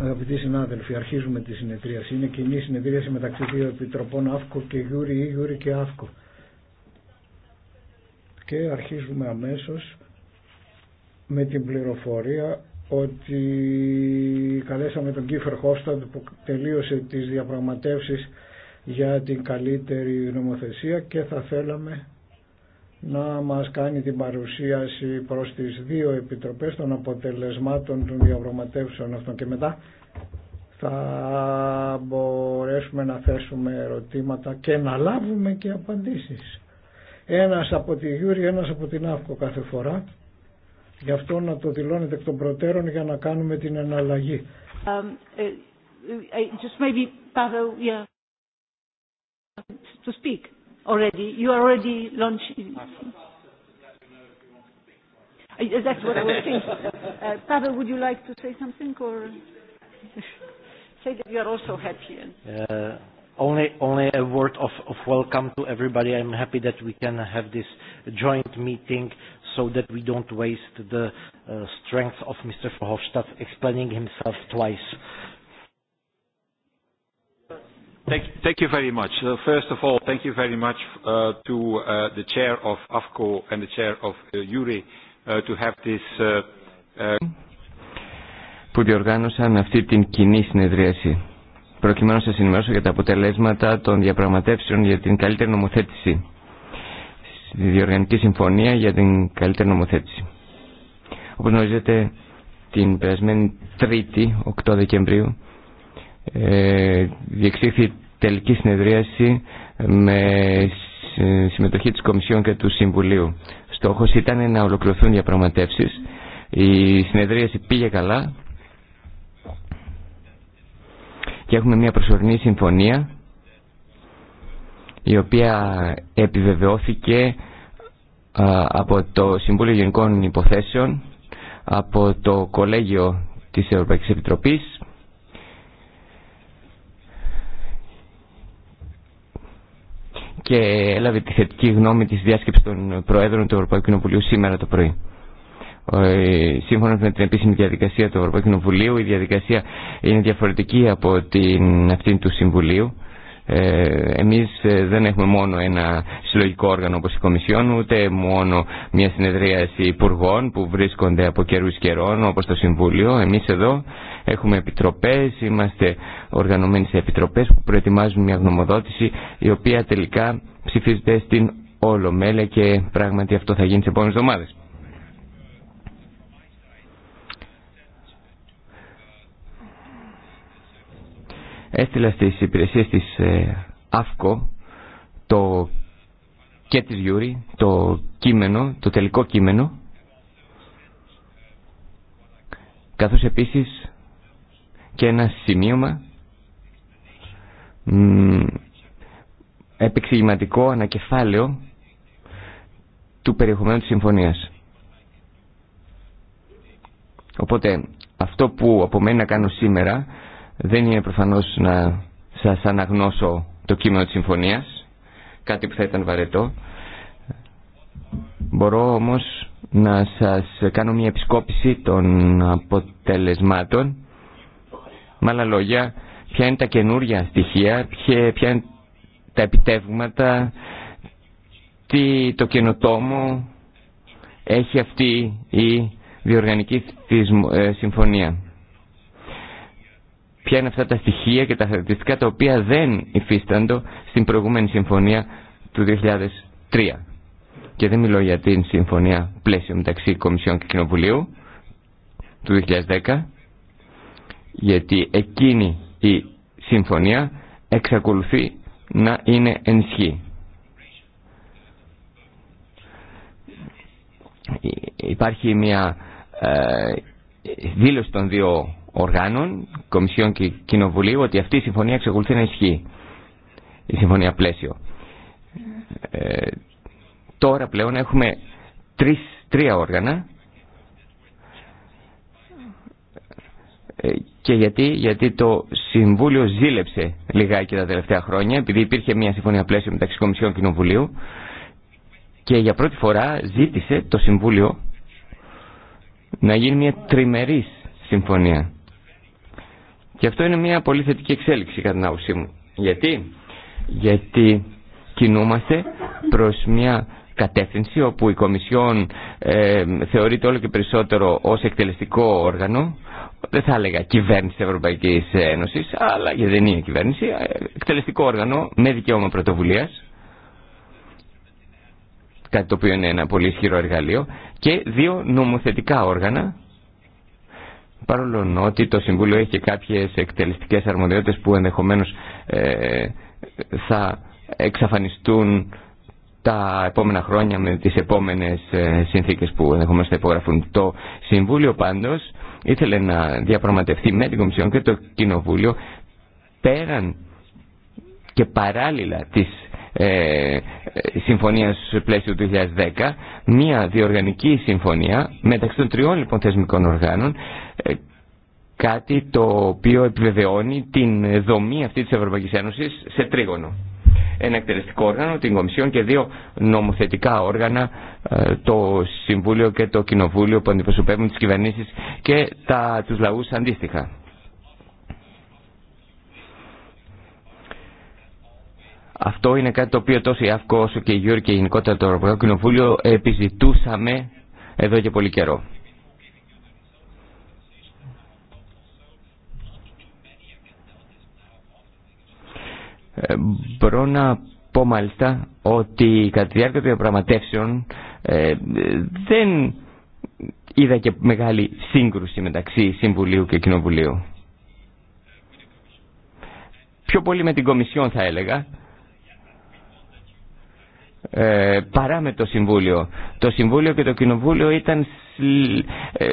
Αγαπητοί συνάδελφοι, αρχίζουμε τη συνεδρίαση. Είναι κοινή συνεδρίαση μεταξύ δύο επιτροπών, ΑΦΚΟ και Γιούρι, ή Γιούρι και ΑΦΚΟ. Και αρχίζουμε αμέσως με την πληροφορία ότι καλέσαμε τον Κίφερ Χόφσταντ που τελείωσε τις διαπραγματεύσεις για την καλύτερη νομοθεσία και θα θέλαμε να μας κάνει την παρουσίαση προς τις δύο επιτροπές των αποτελεσμάτων των διαπραγματεύσεων αυτών και μετά θα μπορέσουμε να θέσουμε ερωτήματα και να λάβουμε και απαντήσεις. Ένας από τη Γιούρη, ένας από την Αύκο κάθε φορά. Γι' αυτό να το δηλώνετε εκ των προτέρων για να κάνουμε την εναλλαγή. Um, uh, uh, just maybe, already. You are already launching. That's what I was thinking. Pavel, would you like to say something or say that you are also happy? Only only a word of of welcome to everybody. I'm happy that we can have this joint meeting so that we don't waste the strength of Mr. Verhofstadt explaining himself twice. Thank, thank you very much. So first of all, thank you very much uh, to uh, the chair of AFCO and the chair of uh, URI uh, to have this. Uh, uh, που διοργάνωσαν αυτή την κοινή συνεδρίαση προκειμένου να σας ενημερώσω για τα αποτελέσματα των διαπραγματεύσεων για την καλύτερη νομοθέτηση στη Διοργανική Συμφωνία για την καλύτερη νομοθέτηση Όπω γνωρίζετε την περασμένη Τρίτη 8 Δεκεμβρίου ε, διεξήχθη τελική συνεδρίαση με συμμετοχή της Κομισιόν και του Συμβουλίου. Στόχος ήταν να ολοκληρωθούν διαπραγματεύσεις. Η συνεδρίαση πήγε καλά και έχουμε μια προσωρινή συμφωνία η οποία επιβεβαιώθηκε από το Συμβούλιο Γενικών Υποθέσεων, από το Κολέγιο της Ευρωπαϊκής Επιτροπής και έλαβε τη θετική γνώμη της διάσκεψης των Προέδρων του Ευρωπαϊκού Κοινοβουλίου σήμερα το πρωί. Ε, σύμφωνα με την επίσημη διαδικασία του Ευρωπαϊκού Κοινοβουλίου, η διαδικασία είναι διαφορετική από την, αυτήν του Συμβουλίου ε, εμείς ε, δεν έχουμε μόνο ένα συλλογικό όργανο όπως η Κομισιόν, ούτε μόνο μια συνεδρίαση υπουργών που βρίσκονται από καιρούς καιρών όπως το Συμβούλιο. Εμείς εδώ έχουμε επιτροπές, είμαστε οργανωμένοι σε επιτροπές που προετοιμάζουν μια γνωμοδότηση η οποία τελικά ψηφίζεται στην Όλο μέλε και πράγματι αυτό θα γίνει τις επόμενες εβδομάδες. έστειλα στις υπηρεσίες της ΑΦΚΟ ε, το, και της Γιούρη το κείμενο, το τελικό κείμενο καθώς επίσης και ένα σημείωμα μ, επεξηγηματικό ανακεφάλαιο του περιεχομένου της συμφωνίας. Οπότε αυτό που απομένει να κάνω σήμερα δεν είναι προφανώς να σας αναγνώσω το κείμενο της συμφωνίας, κάτι που θα ήταν βαρετό. Μπορώ όμως να σας κάνω μια επισκόπηση των αποτελεσμάτων. Με άλλα λόγια, ποια είναι τα καινούρια στοιχεία, ποια είναι τα επιτεύγματα, τι το καινοτόμο έχει αυτή η διοργανική ε, συμφωνία ποια είναι αυτά τα στοιχεία και τα χαρακτηριστικά τα οποία δεν υφίσταντο στην προηγούμενη συμφωνία του 2003. Και δεν μιλώ για την συμφωνία πλαίσιο μεταξύ Κομισιών και Κοινοβουλίου του 2010, γιατί εκείνη η συμφωνία εξακολουθεί να είναι ενισχύ. Υπάρχει μια ε, δήλωση των δύο οργάνων, Κομισιόν και Κοινοβουλίου, ότι αυτή η συμφωνία εξακολουθεί να ισχύει. Η συμφωνία πλαίσιο. Ε, τώρα πλέον έχουμε τρεις, τρία όργανα ε, και γιατί, γιατί το Συμβούλιο ζήλεψε λιγάκι τα τελευταία χρόνια επειδή υπήρχε μια συμφωνία πλαίσιο μεταξύ Κομισιών Κοινοβουλίου και για πρώτη φορά ζήτησε το Συμβούλιο να γίνει μια τριμερής συμφωνία και αυτό είναι μια πολύ θετική εξέλιξη κατά την άποψή μου. Γιατί? Γιατί κινούμαστε προς μια κατεύθυνση όπου η Κομισιόν ε, θεωρείται όλο και περισσότερο ως εκτελεστικό όργανο, δεν θα έλεγα κυβέρνηση της Ευρωπαϊκής Ένωσης, αλλά γιατί δεν είναι κυβέρνηση, ε, εκτελεστικό όργανο με δικαίωμα πρωτοβουλίας, κάτι το οποίο είναι ένα πολύ ισχυρό εργαλείο, και δύο νομοθετικά όργανα, Παρόλο ότι το Συμβούλιο έχει και κάποιες εκτελεστικές αρμοδιότητες που ενδεχομένω ε, θα εξαφανιστούν τα επόμενα χρόνια με τις επόμενες ε, συνθήκε που ενδεχομένω θα υπογραφούν. Το Συμβούλιο πάντω, ήθελε να διαπραγματευτεί με την Κομισιόν και το Κοινοβούλιο πέραν και παράλληλα τις ε, συμφωνίας πλαίσιο του 2010, μία διοργανική συμφωνία μεταξύ των τριών λοιπόν θεσμικών οργάνων, ε, κάτι το οποίο επιβεβαιώνει την δομή αυτή της Ευρωπαϊκής Ένωσης σε τρίγωνο. Ένα εκτελεστικό όργανο, την Κομισιόν και δύο νομοθετικά όργανα, ε, το Συμβούλιο και το Κοινοβούλιο που αντιπροσωπεύουν τις κυβερνήσεις και τα, τους λαούς αντίστοιχα. Αυτό είναι κάτι το οποίο τόσο η ΑΦΚΟ όσο και η Γιούρ και γενικότερα το Ευρωπαϊκό Κοινοβούλιο επιζητούσαμε εδώ και πολύ καιρό. Ε, μπορώ να πω μάλιστα ότι κατά τη διάρκεια των διαπραγματεύσεων ε, δεν είδα και μεγάλη σύγκρουση μεταξύ Συμβουλίου και Κοινοβουλίου. Πιο πολύ με την Κομισιόν θα έλεγα, ε, παρά με το Συμβούλιο. Το Συμβούλιο και το Κοινοβούλιο ήταν ε,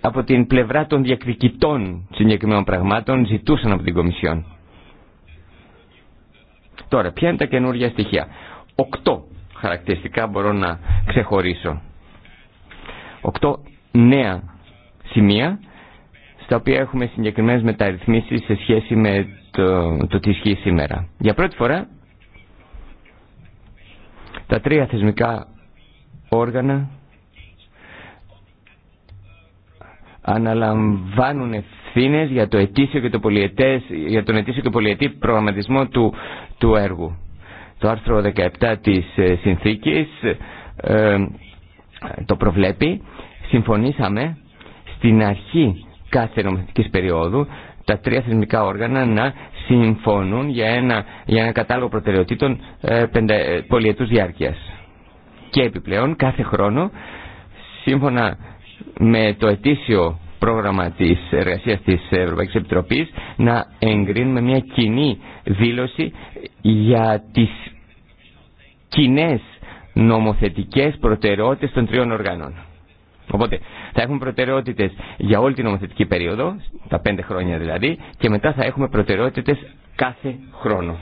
από την πλευρά των διακριτητών συγκεκριμένων πραγμάτων, ζητούσαν από την Κομισιόν. Τώρα, ποια είναι τα καινούργια στοιχεία. Οκτώ χαρακτηριστικά μπορώ να ξεχωρίσω. Οκτώ νέα σημεία στα οποία έχουμε συγκεκριμένες μεταρρυθμίσεις σε σχέση με το, το τι ισχύει σήμερα. Για πρώτη φορά τα τρία θεσμικά όργανα αναλαμβάνουν ευθύνε για, το ετήσιο και το για τον ετήσιο και πολιετή προγραμματισμό του, του έργου. Το άρθρο 17 της ε, συνθήκης ε, το προβλέπει. Συμφωνήσαμε στην αρχή κάθε νομοθετικής περίοδου τα τρία θεσμικά όργανα να συμφωνούν για ένα, για ένα κατάλογο προτεραιοτήτων ε, ε, πολιετούς διάρκειας. Και επιπλέον κάθε χρόνο, σύμφωνα με το ετήσιο πρόγραμμα της εργασίας της Ευρωπαϊκής Επιτροπής, να εγκρίνουμε μια κοινή δήλωση για τις κοινέ νομοθετικές προτεραιότητες των τριών οργάνων. Οπότε θα έχουμε προτεραιότητε για όλη την νομοθετική περίοδο, τα πέντε χρόνια δηλαδή, και μετά θα έχουμε προτεραιότητε κάθε χρόνο.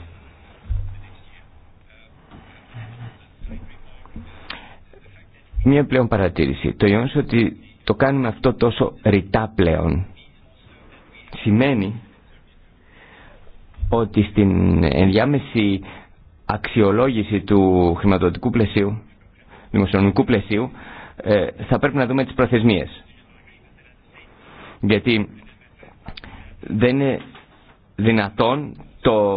Μία πλέον παρατήρηση. Το γεγονό ότι το κάνουμε αυτό τόσο ρητά πλέον σημαίνει ότι στην ενδιάμεση αξιολόγηση του χρηματοδοτικού πλαισίου, δημοσιονομικού πλαισίου, ε, θα πρέπει να δούμε τις προθεσμίες. Γιατί δεν είναι δυνατόν το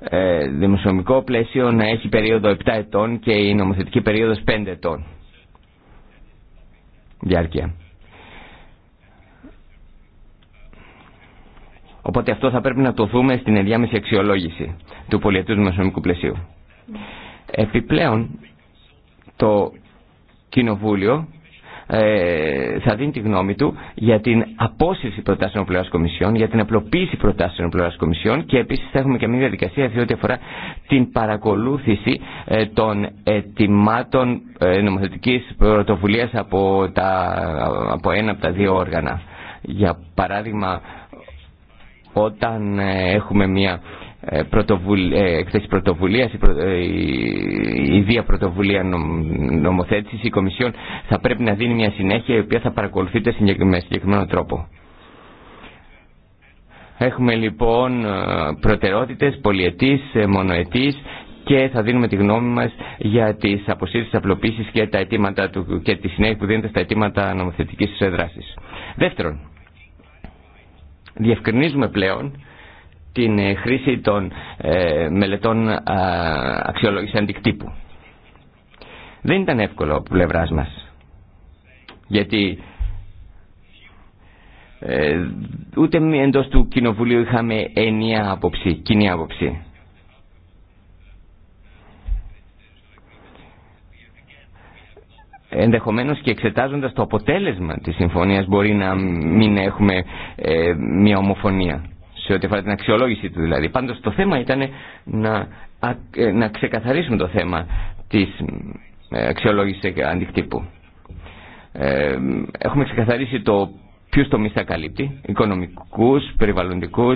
ε, δημοσιονομικό πλαίσιο να έχει περίοδο 7 ετών και η νομοθετική περίοδος 5 ετών διάρκεια. Οπότε αυτό θα πρέπει να το δούμε στην ενδιάμεση αξιολόγηση του πολιτικού δημοσιονομικού πλαισίου. Επιπλέον, το Κοινοβούλιο ε, θα δίνει τη γνώμη του για την απόσυρση προτάσεων πλευρά κομισιών, για την απλοποίηση προτάσεων πλευρά κομισιών και επίση θα έχουμε και μια διαδικασία διότι αφορά την παρακολούθηση ε, των ετοιμάτων ε, νομοθετική πρωτοβουλία από, από ένα από τα δύο όργανα. Για παράδειγμα, όταν έχουμε μια εκθέσει ε, ε, πρωτοβουλία η ίδια πρωτοβουλία νομοθέτηση, η Κομισιόν θα πρέπει να δίνει μια συνέχεια η οποία θα παρακολουθείται με συγκεκριμένο τρόπο. Έχουμε λοιπόν ε, προτερότητες πολιετής, μονοετής και θα δίνουμε τη γνώμη μας για τις αποσύρσεις απλοποίησης και, τα αιτήματα του, και τη συνέχεια που δίνεται στα αιτήματα νομοθετικής δράσης. Δεύτερον, διευκρινίζουμε πλέον την ε, χρήση των ε, μελετών αξιολόγηση αντικτύπου. Δεν ήταν εύκολο από πλευρά μα. Γιατί ε, ούτε εντό του κοινοβουλίου είχαμε ενιαία άποψη, κοινή άποψη. Ενδεχομένως και εξετάζοντας το αποτέλεσμα της συμφωνίας μπορεί να μην έχουμε ε, μια ομοφωνία σε ό,τι αφορά την αξιολόγηση του δηλαδή. Πάντως το θέμα ήταν να, ε, να ξεκαθαρίσουμε το θέμα της ε, αξιολόγησης αντικτύπου. Ε, έχουμε ξεκαθαρίσει το ποιου τομεί θα καλύπτει, οικονομικού, περιβαλλοντικού,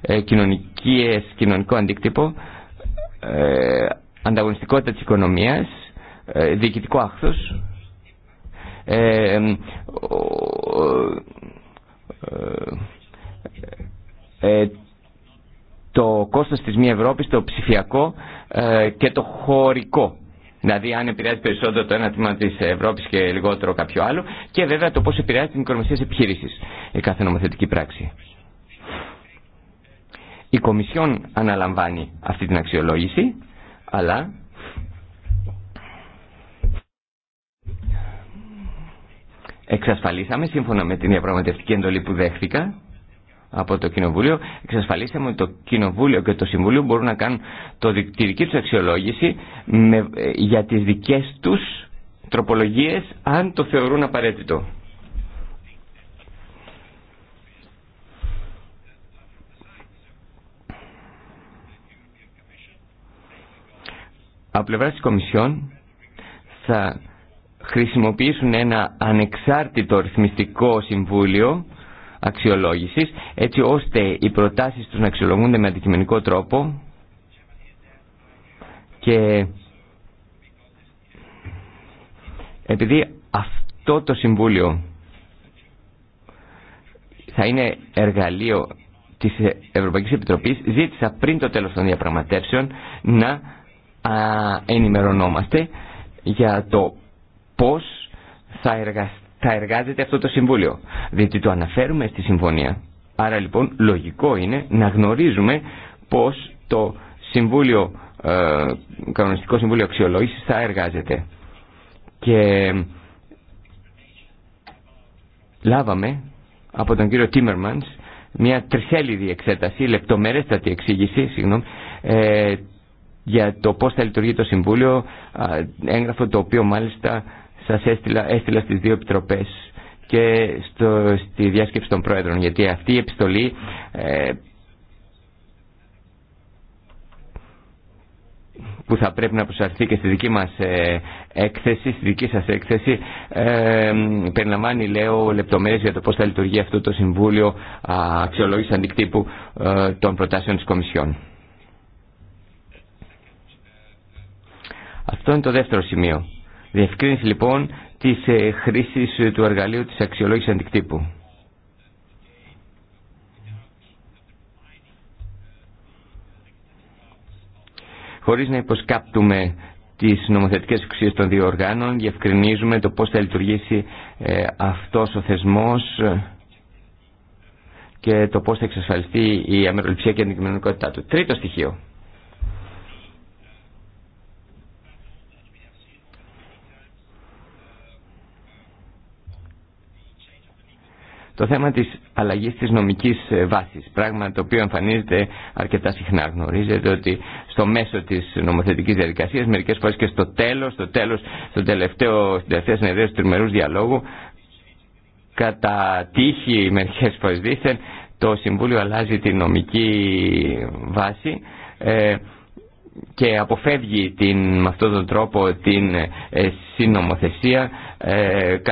ε, κοινωνικές, κοινωνικό αντίκτυπο, ε, ανταγωνιστικότητα τη οικονομία, ε, διοικητικό άχθο, ε, ε, το κόστος της μη Ευρώπης, το ψηφιακό ε, και το χωρικό. Δηλαδή αν επηρεάζει περισσότερο το ένα τμήμα της Ευρώπης και λιγότερο κάποιο άλλο και βέβαια το πώς επηρεάζει της οικονομική η κάθε νομοθετική πράξη. Η Κομισιόν αναλαμβάνει αυτή την αξιολόγηση, αλλά εξασφαλίσαμε σύμφωνα με την διαπραγματευτική εντολή που δέχθηκα από το Κοινοβούλιο, εξασφαλίσαμε ότι το Κοινοβούλιο και το Συμβούλιο μπορούν να κάνουν το, τη δική του αξιολόγηση ε, για τις δικές τους τροπολογίες αν το θεωρούν απαραίτητο. Από πλευρά της Κομισιόν θα χρησιμοποιήσουν ένα ανεξάρτητο ρυθμιστικό συμβούλιο Αξιολόγηση. έτσι ώστε οι προτάσει του να αξιολογούνται με αντικειμενικό τρόπο και επειδή αυτό το Συμβούλιο θα είναι εργαλείο της Ευρωπαϊκής Επιτροπής ζήτησα πριν το τέλος των διαπραγματεύσεων να ενημερωνόμαστε για το πώς θα εργαστεί θα εργάζεται αυτό το Συμβούλιο. Διότι το αναφέρουμε στη Συμφωνία. Άρα λοιπόν λογικό είναι να γνωρίζουμε πώς το Συμβούλιο, ε, Κανονιστικό Συμβούλιο Αξιολόγησης θα εργάζεται. Και λάβαμε από τον κύριο Τίμερμανς μια τρισέλιδη εξέταση, λεπτομερέστατη εξήγηση, ε, για το πώς θα λειτουργεί το Συμβούλιο, έγγραφο το οποίο μάλιστα σας έστειλα, έστειλα στις δύο επιτροπές και στο, στη διάσκεψη των πρόεδρων γιατί αυτή η επιστολή ε, που θα πρέπει να προσαρθεί και στη δική μας ε, έκθεση, στη δική σας έκθεση, ε, περιλαμβάνει, λέω, λεπτομέρειες για το πώς θα λειτουργεί αυτό το Συμβούλιο Αξιολόγησης Αντικτύπου ε, των Προτάσεων της Κομισιόν. Αυτό είναι το δεύτερο σημείο. Διευκρίνηση λοιπόν της ε, χρήσης ε, του εργαλείου της αξιολόγησης αντικτύπου. Χωρίς να υποσκάπτουμε τις νομοθετικές εξουσίες των δύο οργάνων, διευκρινίζουμε το πώς θα λειτουργήσει ε, αυτός ο θεσμός και το πώς θα εξασφαλιστεί η αμεροληψία και η αντικειμενικότητά του. Τρίτο στοιχείο. Το θέμα της αλλαγής της νομικής ε, βάσης, πράγμα το οποίο εμφανίζεται αρκετά συχνά. Γνωρίζετε ότι στο μέσο της νομοθετικής διαδικασίας, μερικές φορές και στο τέλος, στο τέλος, στο τελευταίο, στην τελευταία συνεδρία του τριμερούς διαλόγου, κατά τύχη μερικές φορές δήθεν, το Συμβούλιο αλλάζει τη νομική βάση ε, και αποφεύγει την, με αυτόν τον τρόπο την ε, συνομοθεσία ε, κάτι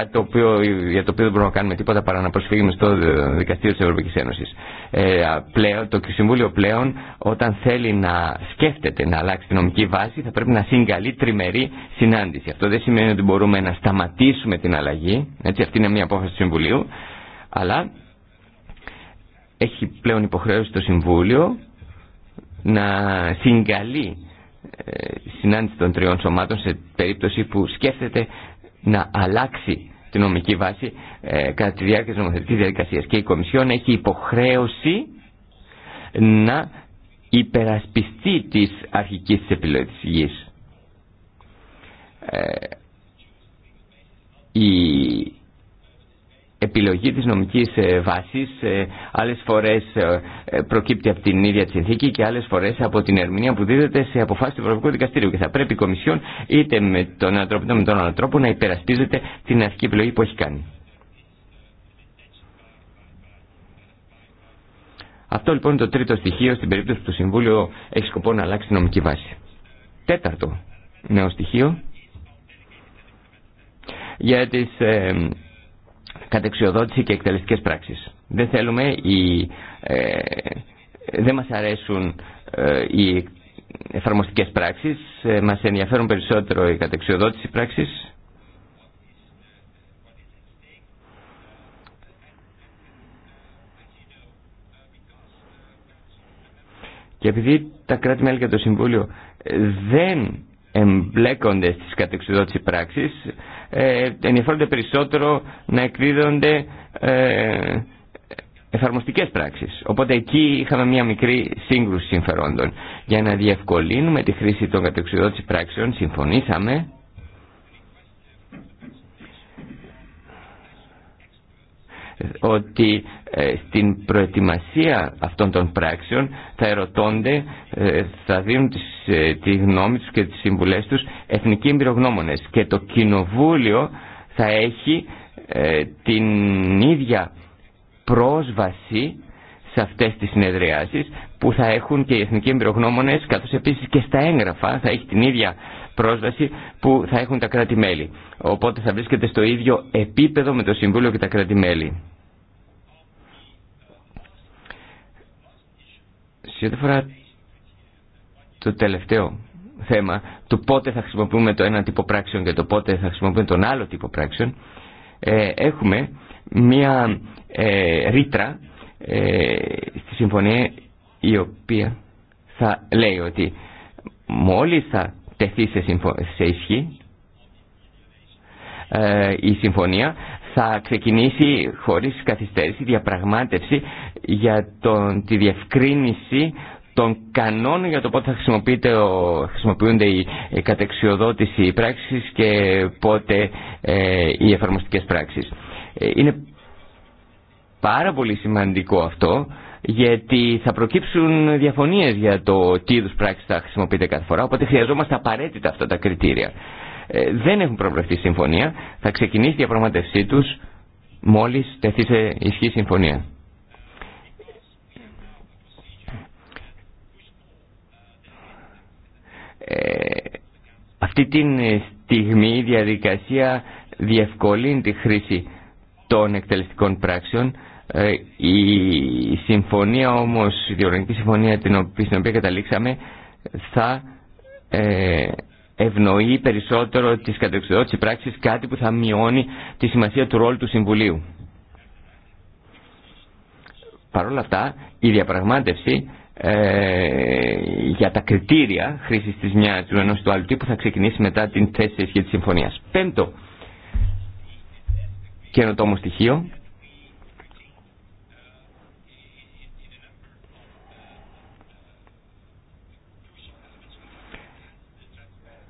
για το οποίο δεν μπορούμε να κάνουμε τίποτα παρά να προσφύγουμε στο ε, Δικαστήριο της Ευρωπαϊκής Ένωσης. Ε, πλέον, το Συμβούλιο πλέον όταν θέλει να σκέφτεται να αλλάξει την νομική βάση θα πρέπει να συγκαλεί τριμερή συνάντηση. Αυτό δεν σημαίνει ότι μπορούμε να σταματήσουμε την αλλαγή, έτσι αυτή είναι μια απόφαση του Συμβουλίου, αλλά έχει πλέον υποχρέωση το Συμβούλιο να συγκαλεί ε, συνάντηση των τριών σωμάτων σε περίπτωση που σκέφτεται να αλλάξει την νομική βάση ε, κατά τη διάρκεια της νομοθετικής διαδικασίας. Και η Κομισιόν έχει υποχρέωση να υπερασπιστεί της αρχικής της επιλογής. Ε, επιλογή της νομικής ε, βάσης ε, άλλες φορές ε, προκύπτει από την ίδια τη συνθήκη και άλλες φορές από την ερμηνεία που δίδεται σε αποφάσεις του Ευρωπαϊκού Δικαστήριου και θα πρέπει η Κομισιόν είτε με τον ένα τρόπο είτε με τον άλλο τρόπο να υπερασπίζεται την αρχική επιλογή που έχει κάνει. Αυτό λοιπόν είναι το τρίτο στοιχείο στην περίπτωση που το Συμβούλιο έχει σκοπό να αλλάξει νομική βάση. Τέταρτο νέο στοιχείο για τις κατεξιοδότηση και εκτελεστικές πράξεις. Δεν θέλουμε οι, ε, δεν μας αρέσουν ε, οι εφαρμοστικές πράξεις, ε, μας ενδιαφέρουν περισσότερο η κατεξιοδότηση πράξης. Και επειδή τα κράτη-μέλη και το Συμβούλιο δεν εμπλέκονται στις κατεξουδότηση πράξεις ε, ενδιαφέρονται περισσότερο να εκδίδονται ε, εφαρμοστικές πράξεις. Οπότε εκεί είχαμε μια μικρή σύγκρουση συμφερόντων. Για να διευκολύνουμε τη χρήση των κατεξουδότηση πράξεων συμφωνήσαμε ότι ε, στην προετοιμασία αυτών των πράξεων θα ερωτώνται, ε, θα δίνουν ε, τη γνώμη τους και τις συμβουλές τους εθνικοί εμπειρογνώμονες και το κοινοβούλιο θα έχει την ίδια πρόσβαση σε αυτές τις συνεδριάσεις που θα έχουν και οι εθνικοί εμπειρογνώμονες καθώς επίσης και στα έγγραφα θα έχει την ίδια πρόσβαση που θα έχουν τα κράτη-μέλη. Οπότε θα βρίσκεται στο ίδιο επίπεδο με το Συμβούλιο και τα κράτη-μέλη. Σε ό,τι αφορά το τελευταίο θέμα του πότε θα χρησιμοποιούμε το ένα τύπο πράξεων και το πότε θα χρησιμοποιούμε τον άλλο τύπο πράξεων, ε, έχουμε μία ε, ρήτρα ε, στη συμφωνία η οποία θα λέει ότι μόλις θα τεθεί σε, συμφω... ισχύ ε, η συμφωνία θα ξεκινήσει χωρίς καθυστέρηση διαπραγμάτευση για τον, τη διευκρίνηση των κανόνων για το πότε θα ο, χρησιμοποιούνται οι, κατεξιοδότηση πράξεις και πότε ε, οι εφαρμοστικές πράξεις. Ε, είναι πάρα πολύ σημαντικό αυτό γιατί θα προκύψουν διαφωνίες για το τι είδους πράξη θα χρησιμοποιείται κάθε φορά οπότε χρειαζόμαστε απαραίτητα αυτά τα κριτήρια. Ε, δεν έχουν προβλεφθεί συμφωνία, θα ξεκινήσει η διαπραγματευσή τους μόλις τεθεί σε ισχύ συμφωνία. Ε, αυτή τη στιγμή η διαδικασία διευκολύνει τη χρήση των εκτελεστικών πράξεων ε, η συμφωνία όμως, η διοργανική συμφωνία την οποία, στην οποία καταλήξαμε θα ε, ευνοεί περισσότερο τις κατεξοδότηση πράξεις κάτι που θα μειώνει τη σημασία του ρόλου του Συμβουλίου. Παρ' όλα αυτά η διαπραγμάτευση ε, για τα κριτήρια χρήση της μια, του ενός του άλλου τύπου θα ξεκινήσει μετά την θέση της συμφωνίας. Πέμπτο καινοτόμο στοιχείο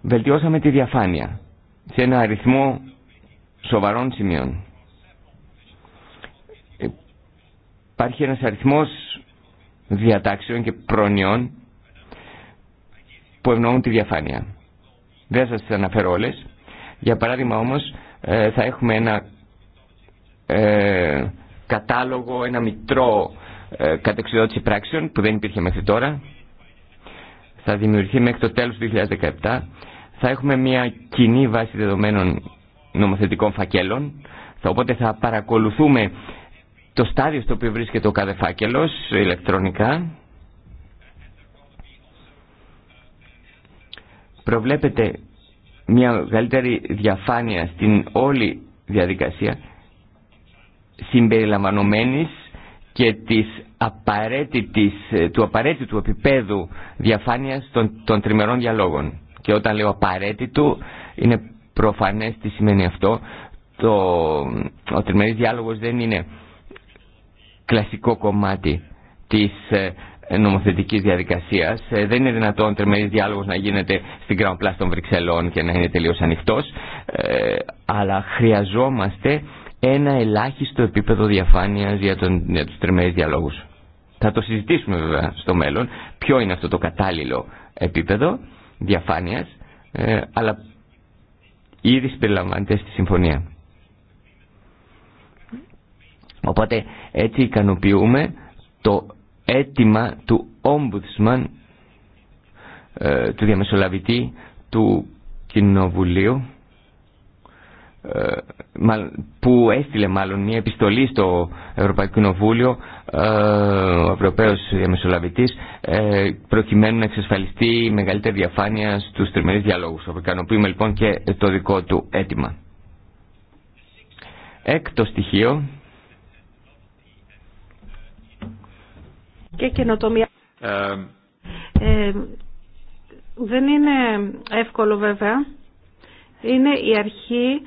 Βελτιώσαμε τη διαφάνεια σε ένα αριθμό σοβαρών σημείων. Υπάρχει ένας αριθμός διατάξεων και πρόνοιων που ευνοούν τη διαφάνεια. Δεν σας τις αναφέρω όλες. Για παράδειγμα όμως ε, θα έχουμε ένα ε, κατάλογο, ένα μητρό ε, κατεξιδότηση πράξεων που δεν υπήρχε μέχρι τώρα. Θα δημιουργηθεί μέχρι το τέλος του 2017 θα έχουμε μια κοινή βάση δεδομένων νομοθετικών φακέλων, οπότε θα παρακολουθούμε το στάδιο στο οποίο βρίσκεται ο κάθε φάκελος ηλεκτρονικά. Προβλέπετε μια καλύτερη διαφάνεια στην όλη διαδικασία συμπεριλαμβανομένης και της απαραίτητης, του απαραίτητου επίπεδου διαφάνειας των, των τριμερών διαλόγων. Και όταν λέω απαραίτητο, είναι προφανές τι σημαίνει αυτό. Το, ο τριμερής διάλογος δεν είναι κλασικό κομμάτι της ε, νομοθετικής διαδικασίας. Ε, δεν είναι δυνατόν τριμερής διάλογος να γίνεται στην Grand Place των Βρυξελών και να είναι τελείως ανοιχτός. Ε, αλλά χρειαζόμαστε ένα ελάχιστο επίπεδο διαφάνειας για, τον, για τους τριμερείς διαλόγους. Θα το συζητήσουμε βέβαια στο μέλλον ποιο είναι αυτό το κατάλληλο επίπεδο διαφάνειας, ε, αλλά ήδη συμπεριλαμβάνεται στη συμφωνία. Οπότε έτσι ικανοποιούμε το αίτημα του Ombudsman, ε, του διαμεσολαβητή του Κοινοβουλίου, ε, που έστειλε μάλλον μια επιστολή στο Ευρωπαϊκό Κοινοβούλιο ε, ο Ευρωπαίος Διαμεσολαβητής ε, προκειμένου να εξασφαλιστεί η μεγαλύτερη διαφάνεια στους τριμερείς διαλόγους. Ικανοποιούμε λοιπόν και το δικό του αίτημα. Έκτο στοιχείο και καινοτομία. δεν είναι εύκολο βέβαια. Είναι η αρχή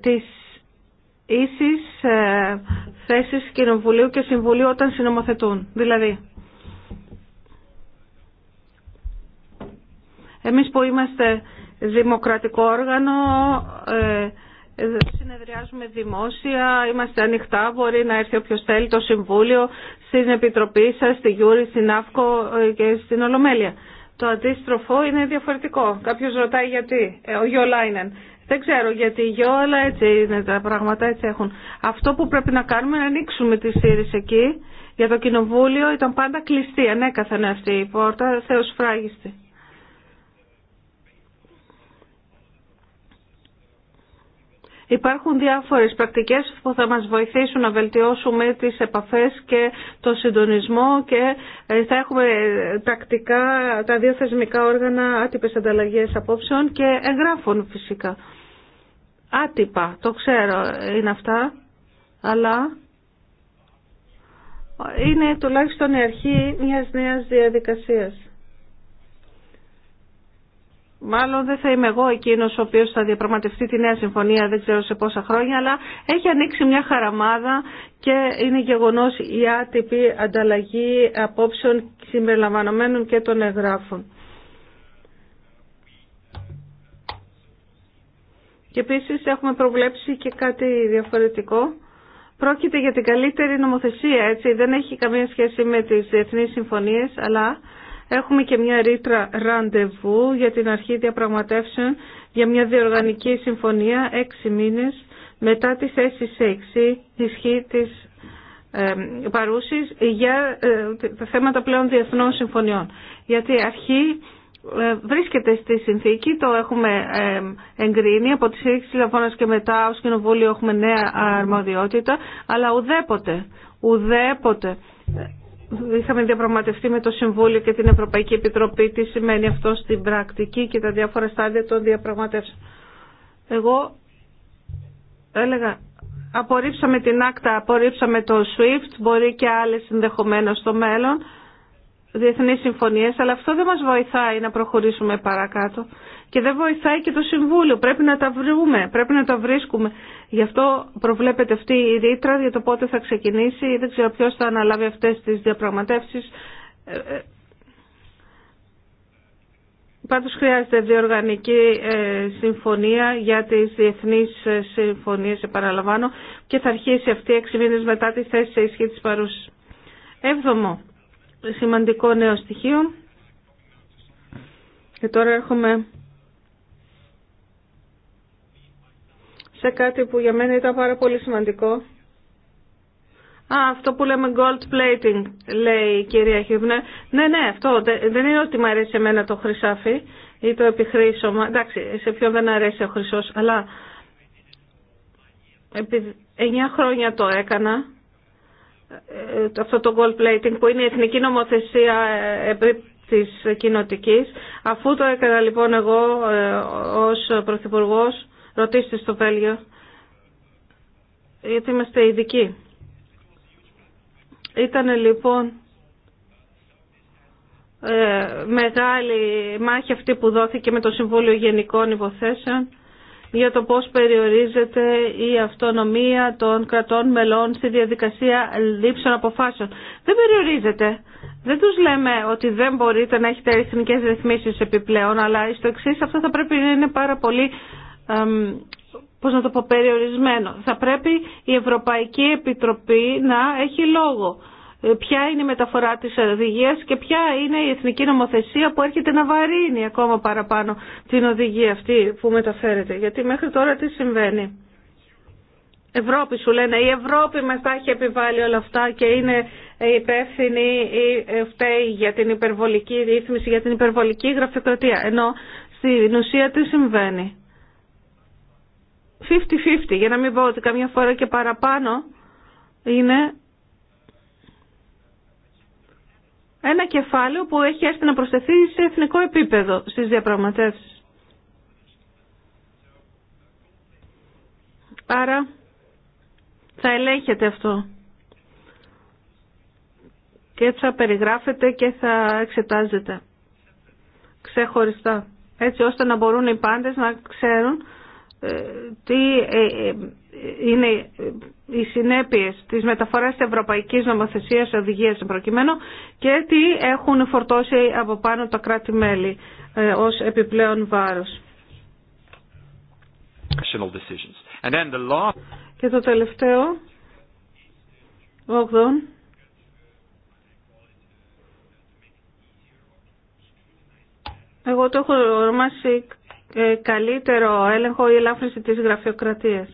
τις ίσης ε, θέσεις Κοινοβουλίου και Συμβουλίου όταν συνομοθετούν. Δηλαδή, εμείς που είμαστε δημοκρατικό όργανο, ε, συνεδριάζουμε δημόσια, είμαστε ανοιχτά, μπορεί να έρθει όποιος θέλει το Συμβούλιο, στην Επιτροπή σας, στη Γιούρη, στην ΑΦΚΟ ε, και στην Ολομέλεια. Το αντίστροφο είναι διαφορετικό. Κάποιος ρωτάει γιατί. Ε, ο Γιολάινεν. Δεν ξέρω γιατί γιο, όλα έτσι είναι τα πράγματα, έτσι έχουν. Αυτό που πρέπει να κάνουμε είναι να ανοίξουμε τη ΣΥΡΙΖΑ εκεί. Για το κοινοβούλιο ήταν πάντα κλειστή, ανέκαθεν αυτή η πόρτα, θεός φράγιστη. Υπάρχουν διάφορες πρακτικές που θα μας βοηθήσουν να βελτιώσουμε τις επαφές και το συντονισμό και ε, θα έχουμε τακτικά ε, τα δύο θεσμικά όργανα άτυπες ανταλλαγές απόψεων και εγγράφων φυσικά άτυπα, το ξέρω είναι αυτά, αλλά είναι τουλάχιστον η αρχή μιας νέας διαδικασίας. Μάλλον δεν θα είμαι εγώ εκείνος ο οποίος θα διαπραγματευτεί τη νέα συμφωνία, δεν ξέρω σε πόσα χρόνια, αλλά έχει ανοίξει μια χαραμάδα και είναι γεγονός η άτυπη ανταλλαγή απόψεων συμπεριλαμβανομένων και των εγγράφων. Και επίση έχουμε προβλέψει και κάτι διαφορετικό. Πρόκειται για την καλύτερη νομοθεσία, έτσι. Δεν έχει καμία σχέση με τι διεθνεί συμφωνίε, αλλά έχουμε και μια ρήτρα ραντεβού για την αρχή διαπραγματεύσεων για μια διοργανική συμφωνία έξι μήνε μετά τη θέση σε ισχύ της ε, παρούσης για ε, τα θέματα πλέον διεθνών συμφωνιών. Γιατί αρχή ε, βρίσκεται στη συνθήκη, το έχουμε ε, εγκρίνει από τη της τηλεφώνας και μετά ως κοινοβούλιο έχουμε νέα αρμοδιότητα, αλλά ουδέποτε, ουδέποτε ε, είχαμε διαπραγματευτεί με το Συμβούλιο και την Ευρωπαϊκή Επιτροπή τι σημαίνει αυτό στην πρακτική και τα διάφορα στάδια των διαπραγματεύσεων. Εγώ έλεγα απορρίψαμε την άκτα, απορρίψαμε το SWIFT, μπορεί και άλλες ενδεχομένως στο μέλλον διεθνείς συμφωνίες, αλλά αυτό δεν μας βοηθάει να προχωρήσουμε παρακάτω και δεν βοηθάει και το Συμβούλιο. Πρέπει να τα βρούμε, πρέπει να τα βρίσκουμε. Γι' αυτό προβλέπεται αυτή η ρήτρα για το πότε θα ξεκινήσει. Δεν ξέρω ποιος θα αναλάβει αυτές τις διαπραγματεύσεις. Ε, ε, πάντως χρειάζεται διοργανική ε, συμφωνία για τις διεθνείς συμφωνίες, επαναλαμβάνω, και θα αρχίσει αυτή έξι μήνες μετά τη θέση σε ισχύ της παρούσης. Έβδομο σημαντικό νέο στοιχείο. Και τώρα έρχομαι σε κάτι που για μένα ήταν πάρα πολύ σημαντικό. Α, αυτό που λέμε gold plating, λέει η κυρία Χιούβνε. Ναι, ναι, αυτό δεν είναι ότι μου αρέσει εμένα το χρυσάφι ή το επιχρήσωμα. Εντάξει, σε ποιον δεν αρέσει ο χρυσός, αλλά επειδή 9 χρόνια το έκανα ε, αυτό το gold plating που είναι η εθνική νομοθεσία επί της κοινοτικής. Αφού το έκανα λοιπόν εγώ ε, ως πρωθυπουργός, ρωτήστε στο Βέλγιο, γιατί είμαστε ειδικοί. Ήταν λοιπόν ε, μεγάλη μάχη αυτή που δόθηκε με το Συμβούλιο Γενικών Υποθέσεων για το πώς περιορίζεται η αυτονομία των κρατών μελών στη διαδικασία λήψεων αποφάσεων. Δεν περιορίζεται. Δεν τους λέμε ότι δεν μπορείτε να έχετε εθνικέ ρυθμίσεις επιπλέον, αλλά στο εξή αυτό θα πρέπει να είναι πάρα πολύ πώς να το περιορισμένο. Θα πρέπει η Ευρωπαϊκή Επιτροπή να έχει λόγο ποια είναι η μεταφορά της οδηγία και ποια είναι η εθνική νομοθεσία που έρχεται να βαρύνει ακόμα παραπάνω την οδηγία αυτή που μεταφέρεται. Γιατί μέχρι τώρα τι συμβαίνει. Ευρώπη σου λένε, η Ευρώπη μας τα έχει επιβάλει όλα αυτά και είναι υπεύθυνη ή φταίει για την υπερβολική ρύθμιση, για την υπερβολική γραφειοκρατία. Ενώ στην ουσία τι συμβαίνει. 50-50, για να μην πω ότι καμιά φορά και παραπάνω είναι ένα κεφάλαιο που έχει έρθει να προσθεθεί σε εθνικό επίπεδο στις διαπραγματεύσεις. Άρα θα ελέγχεται αυτό και θα περιγράφεται και θα εξετάζεται ξεχωριστά έτσι ώστε να μπορούν οι πάντες να ξέρουν ε, τι ε, ε, είναι οι συνέπειες της μεταφοράς της Ευρωπαϊκής Νομοθεσίας Οδηγίας προκειμένου και τι έχουν φορτώσει από πάνω τα κράτη-μέλη ε, ως επιπλέον βάρος. Και το τελευταίο, 8, εγώ το έχω ονομάσει ε, καλύτερο έλεγχο ή ελάφρυνση της γραφειοκρατίας.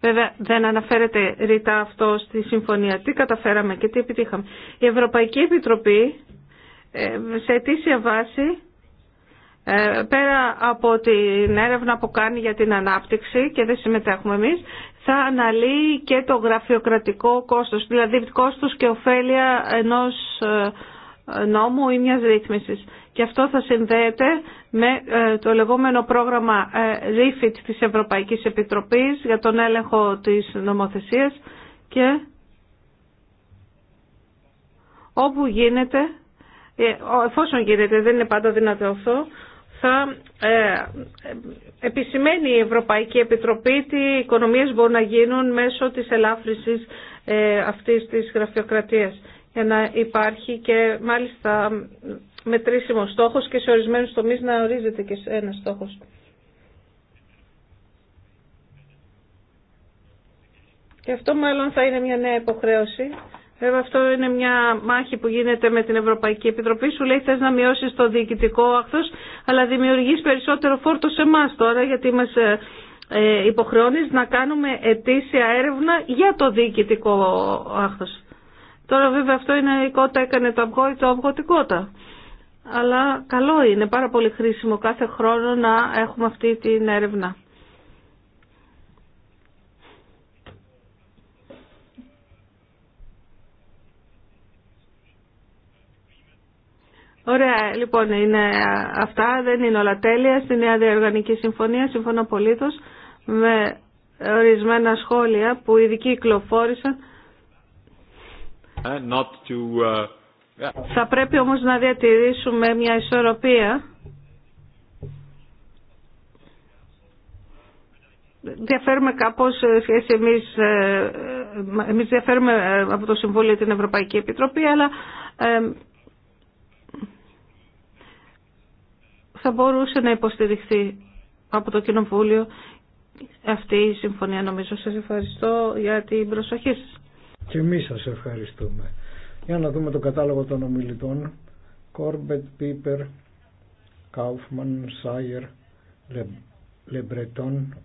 Βέβαια δεν αναφέρεται ρητά αυτό στη συμφωνία. Τι καταφέραμε και τι επιτύχαμε. Η Ευρωπαϊκή Επιτροπή ε, σε αιτήσια βάση ε, πέρα από την έρευνα που κάνει για την ανάπτυξη και δεν συμμετέχουμε εμείς, θα αναλύει και το γραφειοκρατικό κόστος, δηλαδή κόστος και ωφέλεια ενός ε, νόμου ή μιας ρύθμισης και αυτό θα συνδέεται με ε, το λεγόμενο πρόγραμμα ε, REFIT της Ευρωπαϊκής Επιτροπής για τον έλεγχο της νομοθεσίας και όπου γίνεται, ε, εφόσον γίνεται, δεν είναι πάντα δυνατό αυτό, θα επισημαίνει η Ευρωπαϊκή Επιτροπή τι οικονομίες μπορούν να γίνουν μέσω της ελάφρυσης αυτής της γραφειοκρατίας για να υπάρχει και μάλιστα μετρήσιμο στόχος και σε ορισμένους τομείς να ορίζεται και σε ένα στόχος. Και αυτό μάλλον θα είναι μια νέα υποχρέωση. Βέβαια αυτό είναι μια μάχη που γίνεται με την Ευρωπαϊκή Επιτροπή. Σου λέει θες να μειώσεις το διοικητικό άχθος, αλλά δημιουργείς περισσότερο φόρτο σε εμά τώρα, γιατί μας ε, ε, υποχρεώνεις να κάνουμε ετήσια έρευνα για το διοικητικό άκτος. Τώρα βέβαια αυτό είναι η κότα έκανε το αυγό ή το αυγό την κότα αλλά καλό είναι, πάρα πολύ χρήσιμο κάθε χρόνο να έχουμε αυτή την έρευνα. Ωραία, λοιπόν, είναι αυτά, δεν είναι όλα τέλεια. Στη Νέα Διοργανική Συμφωνία συμφωνώ απολύτως με ορισμένα σχόλια που ειδικοί κυκλοφόρησαν. Ε, not to, ε, θα πρέπει όμως να διατηρήσουμε μια ισορροπία. Διαφέρουμε κάπως ε, σχέση εμείς, ε, ε, εμείς διαφέρουμε από το Συμβούλιο την Ευρωπαϊκή Επιτροπή, αλλά θα μπορούσε να υποστηριχθεί από το Κοινοβούλιο αυτή η συμφωνία νομίζω. Σας ευχαριστώ για την προσοχή σας. Και εμείς σας ευχαριστούμε. Για να δούμε τον κατάλογο των ομιλητών. Κόρμπετ, Πίπερ, Κάουφμαν, Σάιερ, Λεμπρετών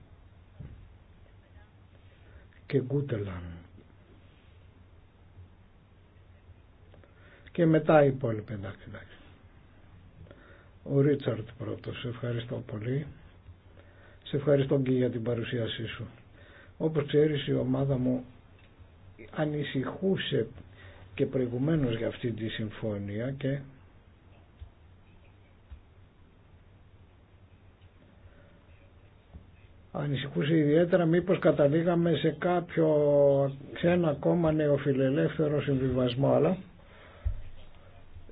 και Γκούτελαν. Και μετά οι υπόλοιποι, εντάξει, εντάξει. Ο Ρίτσαρτ πρώτο. σε ευχαριστώ πολύ. Σε ευχαριστώ και για την παρουσίασή σου. Όπως ξέρεις η ομάδα μου ανησυχούσε και προηγουμένως για αυτή τη συμφωνία και ανησυχούσε ιδιαίτερα μήπως καταλήγαμε σε κάποιο σε ένα ακόμα νεοφιλελεύθερο συμβιβασμό αλλά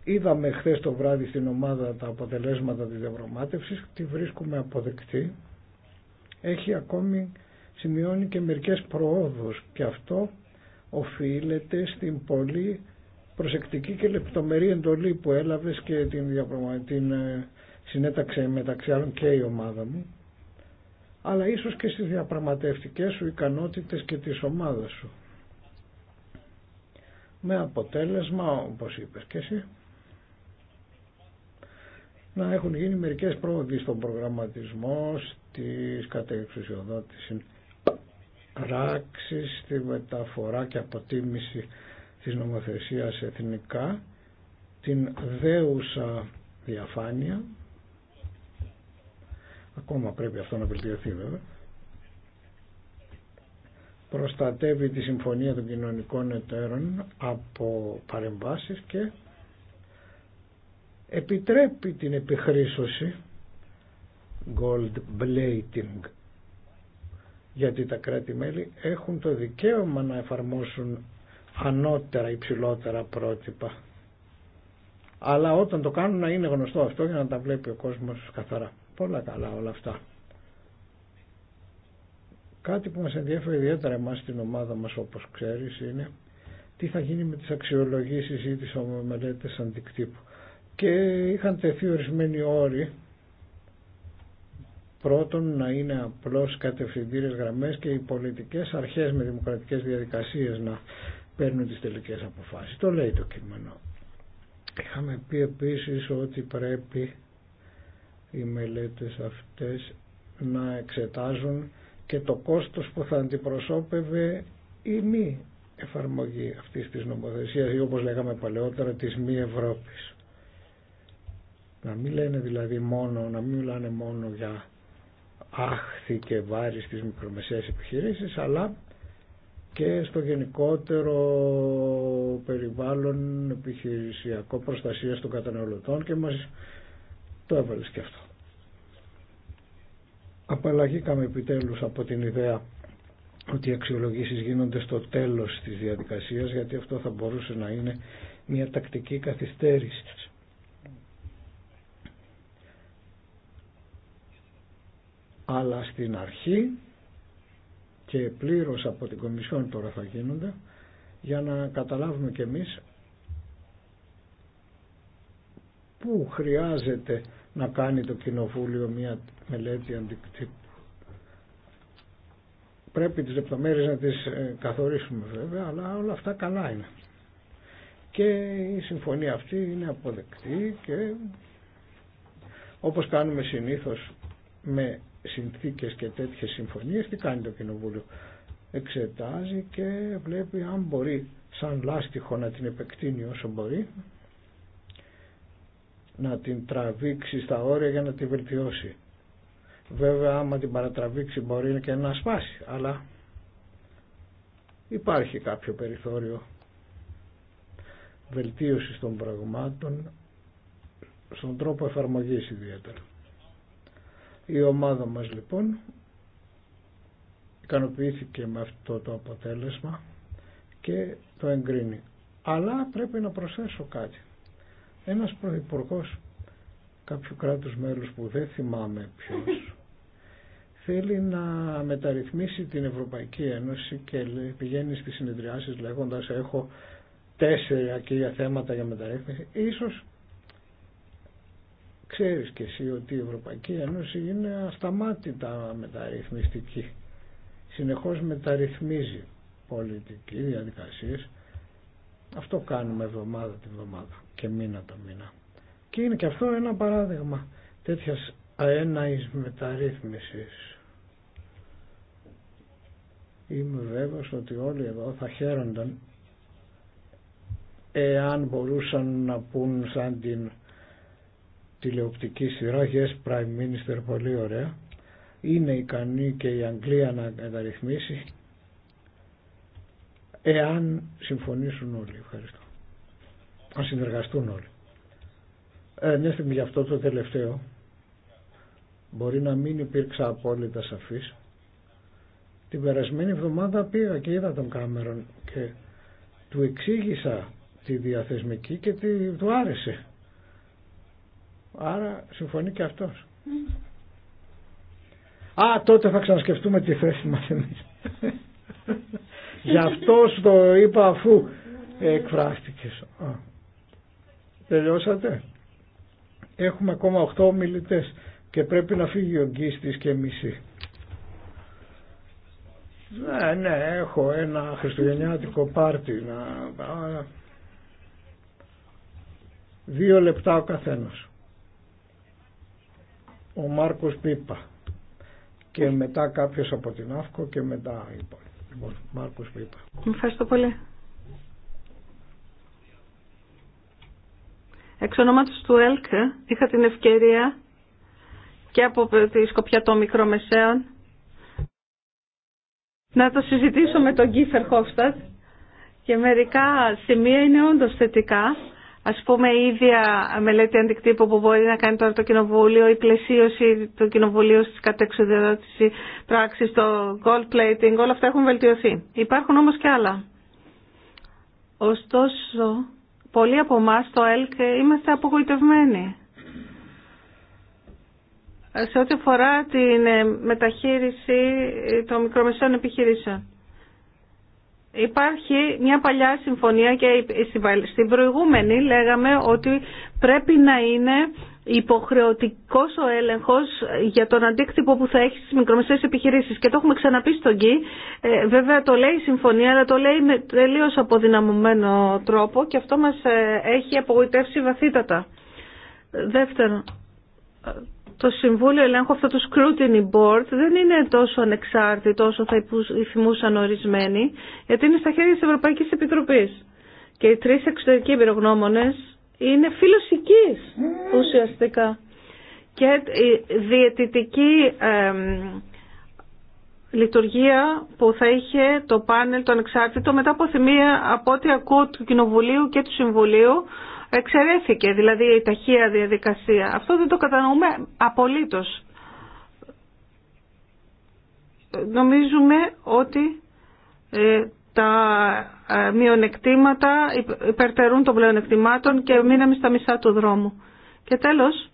είδαμε χθες το βράδυ στην ομάδα τα αποτελέσματα της διαπραγμάτευσης τη βρίσκουμε αποδεκτή έχει ακόμη σημειώνει και μερικές προόδους και αυτό οφείλεται στην πολύ προσεκτική και λεπτομερή εντολή που έλαβες και την, την ε, συνέταξε μεταξύ άλλων και η ομάδα μου αλλά ίσως και στις διαπραγματευτικές σου ικανότητες και της ομάδας σου. Με αποτέλεσμα, όπως είπες και εσύ, να έχουν γίνει μερικές πρόοδοι στον προγραμματισμό, στις κατεξουσιοδότησεις πράξη στη μεταφορά και αποτίμηση της νομοθεσίας εθνικά, την δέουσα διαφάνεια, ακόμα πρέπει αυτό να βελτιωθεί βέβαια, προστατεύει τη συμφωνία των κοινωνικών εταίρων από παρεμβάσεις και επιτρέπει την επιχρήσωση gold plating γιατί τα κράτη-μέλη έχουν το δικαίωμα να εφαρμόσουν ανώτερα υψηλότερα πρότυπα. Αλλά όταν το κάνουν να είναι γνωστό αυτό για να τα βλέπει ο κόσμος καθαρά. Πολλά καλά όλα αυτά. Κάτι που μας ενδιαφέρει ιδιαίτερα εμάς στην ομάδα μας όπως ξέρεις είναι τι θα γίνει με τις αξιολογήσεις ή τις μελέτες αντικτύπου. Και είχαν τεθεί ορισμένοι όροι πρώτον να είναι απλώς κατευθυντήρες γραμμές και οι πολιτικές αρχές με δημοκρατικές διαδικασίες να παίρνουν τις τελικές αποφάσεις. Το λέει το κείμενο. Είχαμε πει επίσης ότι πρέπει οι μελέτες αυτές να εξετάζουν και το κόστος που θα αντιπροσώπευε η μη εφαρμογή αυτής της νομοθεσίας ή όπως λέγαμε παλαιότερα της μη Ευρώπης. Να μην λένε δηλαδή μόνο, να μην μιλάνε μόνο για άχθη και βάρη στις μικρομεσαίες επιχειρήσεις αλλά και στο γενικότερο περιβάλλον επιχειρησιακό προστασίας των καταναλωτών και μας το έβαλες και αυτό. Απαλλαγήκαμε επιτέλους από την ιδέα ότι οι αξιολογήσεις γίνονται στο τέλος της διαδικασίας γιατί αυτό θα μπορούσε να είναι μια τακτική καθυστέρηση αλλά στην αρχή και πλήρως από την Κομισιόν τώρα θα γίνονται για να καταλάβουμε και εμείς πού χρειάζεται να κάνει το Κοινοβούλιο μια μελέτη αντικτύπου. Πρέπει τις λεπτομέρειες να τις ε, καθορίσουμε βέβαια, αλλά όλα αυτά καλά είναι. Και η συμφωνία αυτή είναι αποδεκτή και όπως κάνουμε συνήθως με συνθήκες και τέτοιες συμφωνίες, τι κάνει το Κοινοβούλιο. Εξετάζει και βλέπει αν μπορεί σαν λάστιχο να την επεκτείνει όσο μπορεί, να την τραβήξει στα όρια για να την βελτιώσει. Βέβαια άμα την παρατραβήξει μπορεί και να σπάσει, αλλά υπάρχει κάποιο περιθώριο βελτίωσης των πραγμάτων στον τρόπο εφαρμογής ιδιαίτερα. Η ομάδα μας λοιπόν ικανοποιήθηκε με αυτό το αποτέλεσμα και το εγκρίνει. Αλλά πρέπει να προσθέσω κάτι. Ένας πρωθυπουργός κάποιου κράτους μέλους που δεν θυμάμαι ποιος θέλει να μεταρρυθμίσει την Ευρωπαϊκή Ένωση και πηγαίνει στις συνεδριάσεις λέγοντας έχω τέσσερα κυρία θέματα για μεταρρύθμιση. Ίσως Ξέρεις και εσύ ότι η Ευρωπαϊκή Ένωση είναι ασταμάτητα μεταρρυθμιστική. Συνεχώς μεταρρυθμίζει πολιτική διαδικασίες. Αυτό κάνουμε εβδομάδα την εβδομάδα και μήνα το μήνα. Και είναι και αυτό ένα παράδειγμα τέτοιας αέναης μεταρρύθμισης. Είμαι βέβαιος ότι όλοι εδώ θα χαίρονταν εάν μπορούσαν να πούν σαν την τηλεοπτική σειρά Yes Prime Minister πολύ ωραία είναι ικανή και η Αγγλία να καταρρυθμίσει εάν συμφωνήσουν όλοι ευχαριστώ αν συνεργαστούν όλοι ε, μια στιγμή για αυτό το τελευταίο μπορεί να μην υπήρξα απόλυτα σαφής την περασμένη εβδομάδα πήγα και είδα τον Κάμερον και του εξήγησα τη διαθεσμική και τη, του άρεσε Άρα συμφωνεί και αυτός. Α, τότε θα ξανασκεφτούμε τη θέση μας εμείς. Γι' αυτό το είπα αφού εκφράστηκες. Α. Τελειώσατε. Έχουμε ακόμα 8 μιλητές και πρέπει να φύγει ο Γκίστης και μισή. Ναι, ναι, έχω ένα χριστουγεννιάτικο πάρτι να... Δύο λεπτά ο καθένας ο Μάρκος Πίπα και μετά κάποιος από την ΑΦΚΟ και μετά λοιπόν Μάρκος Πίπα. Ευχαριστώ πολύ. Εξ ονόματος του ΕΛΚ ε, είχα την ευκαιρία και από τη Σκοπιά των Μικρομεσαίων να το συζητήσω με τον Κίφερ Χόφστατ και μερικά σημεία είναι όντως θετικά ας πούμε η ίδια μελέτη αντικτύπου που μπορεί να κάνει τώρα το Κοινοβούλιο, η πλαισίωση του Κοινοβουλίου στις κατεξοδότηση πράξης, το gold plating, όλα αυτά έχουν βελτιωθεί. Υπάρχουν όμως και άλλα. Ωστόσο, πολλοί από εμά στο ΕΛΚ είμαστε απογοητευμένοι. Σε ό,τι αφορά την ε, μεταχείριση ε, των μικρομεσαίων επιχειρήσεων. Υπάρχει μια παλιά συμφωνία και στην προηγούμενη λέγαμε ότι πρέπει να είναι υποχρεωτικός ο έλεγχος για τον αντίκτυπο που θα έχει στις μικρομεσαίες επιχειρήσεις και το έχουμε ξαναπεί στον ΚΙ ε, βέβαια το λέει η συμφωνία αλλά το λέει με τελείως αποδυναμωμένο τρόπο και αυτό μας ε, έχει απογοητεύσει βαθύτατα δεύτερον το Συμβούλιο Ελέγχου, αυτό το Scrutiny Board, δεν είναι τόσο ανεξάρτητο όσο θα υφημούσαν ορισμένοι, γιατί είναι στα χέρια της Ευρωπαϊκής Επιτροπής. Και οι τρεις εξωτερικοί εμπειρογνώμονες είναι φιλοσικείς ουσιαστικά. Και η διαιτητική λειτουργία που θα είχε το πάνελ το ανεξάρτητο μετά από θυμία από ό,τι ακούω του Κοινοβουλίου και του Συμβουλίου εξαιρέθηκε, δηλαδή η ταχεία διαδικασία. Αυτό δεν το κατανοούμε απολύτως. Νομίζουμε ότι ε, τα ε, μειονεκτήματα υπερτερούν των πλεονεκτημάτων και μείναμε στα μισά του δρόμου. Και τέλος,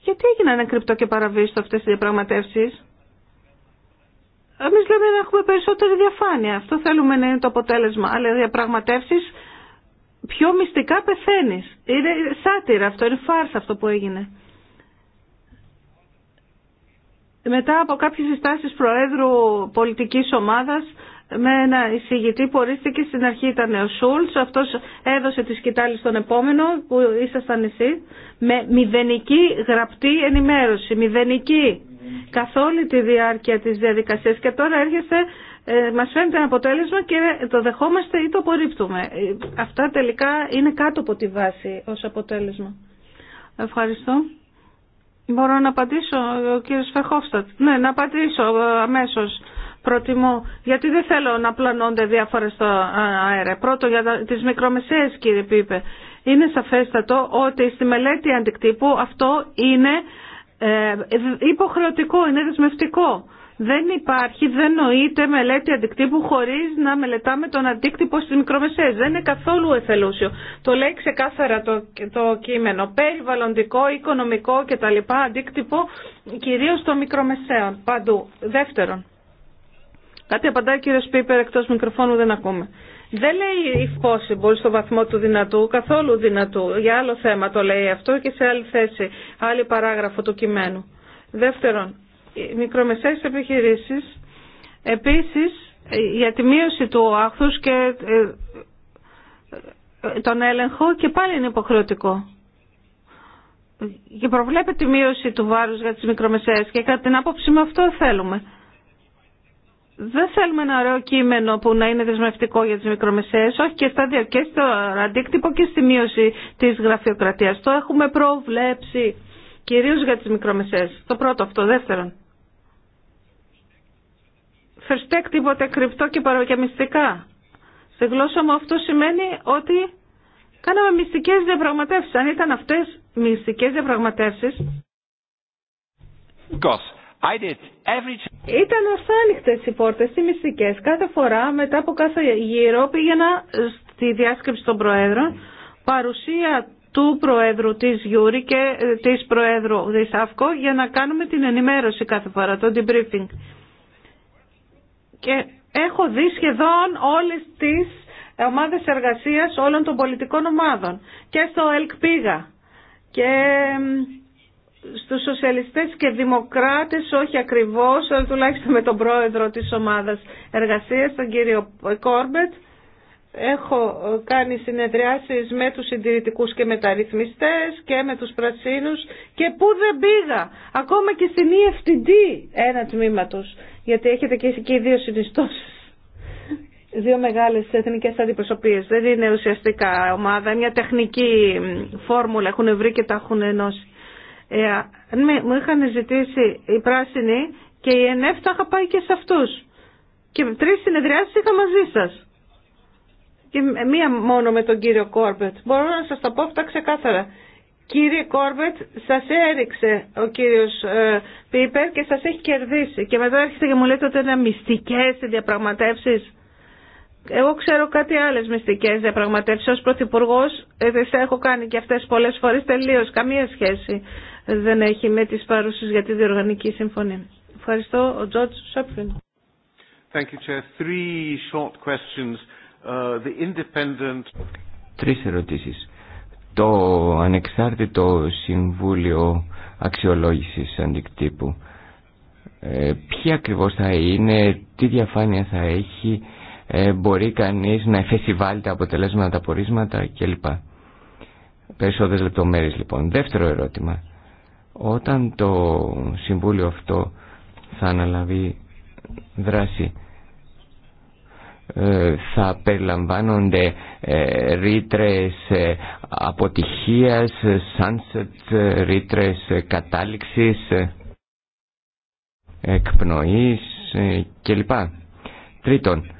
γιατί έγιναν κρυπτό και παραβίστο αυτές οι διαπραγματεύσεις. Εμείς λέμε να έχουμε περισσότερη διαφάνεια. Αυτό θέλουμε να είναι το αποτέλεσμα. Αλλά διαπραγματεύσεις πιο μυστικά πεθαίνεις. Είναι σάτυρα αυτό, είναι φάρσα αυτό που έγινε. Μετά από κάποιες συστάσεις Προέδρου πολιτικής ομάδας, με ένα εισηγητή που ορίστηκε στην αρχή ήταν ο Σούλτς, αυτός έδωσε τη σκητάλη στον επόμενο που ήσασταν εσύ με μηδενική γραπτή ενημέρωση, μηδενική, καθ' όλη τη διάρκεια της διαδικασίας και τώρα έρχεσαι ε, μας φαίνεται ένα αποτέλεσμα και το δεχόμαστε ή το απορρίπτουμε. Ε, αυτά τελικά είναι κάτω από τη βάση ως αποτέλεσμα. Ευχαριστώ. Μπορώ να απαντήσω, ο κύριος Φεχόφστατ. Ναι, να απαντήσω ε, αμέσως. Προτιμώ, γιατί δεν θέλω να πλανώνται διάφορε στο ε, αέρα. Πρώτο για τις μικρομεσαίες κύριε Πίπε. Είναι σαφέστατο ότι στη μελέτη αντικτύπου αυτό είναι υποχρεωτικό, είναι δεσμευτικό. Δεν υπάρχει, δεν νοείται μελέτη αντικτύπου χωρί να μελετάμε τον αντίκτυπο στι μικρομεσαίε. Δεν είναι καθόλου εθελούσιο. Το λέει ξεκάθαρα το, το κείμενο. Περιβαλλοντικό, οικονομικό κτλ. αντίκτυπο κυρίω των μικρομεσαίων παντού. Δεύτερον, κάτι απαντάει ο κύριο Πίπερ εκτό μικροφώνου δεν ακούμε. Δεν λέει if possible στο βαθμό του δυνατού, καθόλου δυνατού. Για άλλο θέμα το λέει αυτό και σε άλλη θέση, άλλη παράγραφο του κειμένου. Δεύτερον, μικρομεσαίες επιχειρήσεις επίσης για τη μείωση του άχθους και ε, ε, τον έλεγχο και πάλι είναι υποχρεωτικό. Και προβλέπεται τη μείωση του βάρους για τις μικρομεσαίες και κατά την άποψη μου αυτό θέλουμε. Δεν θέλουμε ένα ωραίο κείμενο που να είναι δεσμευτικό για τις μικρομεσαίες, όχι και στα δύο, και στο αντίκτυπο και στη μείωση της γραφειοκρατίας. Το έχουμε προβλέψει κυρίως για τις μικρομεσαίες. Το πρώτο αυτό. Δεύτερον, φερστέκ τίποτε κρυπτό και μυστικά. Στη γλώσσα μου αυτό σημαίνει ότι κάναμε μυστικές διαπραγματεύσεις. Αν ήταν αυτές μυστικές διαπραγματεύσεις, Ήταν ασάνοιχτες οι πόρτες, οι μυστικέ. Κάθε φορά, μετά από κάθε γύρο, πήγαινα στη διάσκεψη των Προέδρων, παρουσία του Προέδρου της Γιούρη και ε, της Προέδρου της ΑΦΚΟ για να κάνουμε την ενημέρωση κάθε φορά, το debriefing. Και έχω δει σχεδόν όλες τις ομάδες εργασίας όλων των πολιτικών ομάδων και στο ΕΛΚ και στους σοσιαλιστές και δημοκράτες όχι ακριβώς, αλλά τουλάχιστον με τον πρόεδρο της ομάδας εργασίας, τον κύριο Κόρμπετ Έχω ε, κάνει συνεδριάσεις με τους συντηρητικούς και μεταρρυθμιστές και με τους πρασίνους και πού δεν πήγα, ακόμα και στην EFTD ένα τμήμα τους, γιατί έχετε και εκεί δύο συνιστώσεις. Δύο μεγάλες εθνικές αντιπροσωπίες. Δεν είναι ουσιαστικά ομάδα, μια τεχνική φόρμουλα έχουν βρει και τα έχουν ενώσει. Ε, ναι, μου είχαν ζητήσει οι πράσινοι και η ΕΝΕΦ είχα πάει και σε αυτούς. Και τρεις συνεδριάσεις είχα μαζί σας και μία μόνο με τον κύριο Κόρμπετ. Μπορώ να σας τα πω αυτά ξεκάθαρα. Κύριε Κόρμπετ, σας έριξε ο κύριος ε, Πίπερ και σας έχει κερδίσει. Και μετά έρχεται και μου λέτε ότι είναι μυστικές οι διαπραγματεύσεις. Εγώ ξέρω κάτι άλλες μυστικές διαπραγματεύσεις. Ως Πρωθυπουργός ε, σε έχω κάνει και αυτές πολλές φορές τελείως. Καμία σχέση δεν έχει με τις παρουσίες για τη διοργανική συμφωνία. Ευχαριστώ, ο Τζότς Σόπφιν. Thank you, Uh, Τρεις ερωτήσεις. Το ανεξάρτητο Συμβούλιο Αξιολόγησης Αντικτύπου. Ε, ποια ακριβώς θα είναι, τι διαφάνεια θα έχει, ε, μπορεί κανείς να εφεσιβάλει τα αποτελέσματα, τα πορίσματα κλπ. Περισσότερες λεπτομέρειες λοιπόν. Δεύτερο ερώτημα. Όταν το Συμβούλιο αυτό θα αναλαβεί δράση ε, θα περιλαμβάνονται ε, ρήτρες ε, αποτυχίας, sunset, ρήτρες κατάληξης, εκπνοής κλπ. Τρίτον,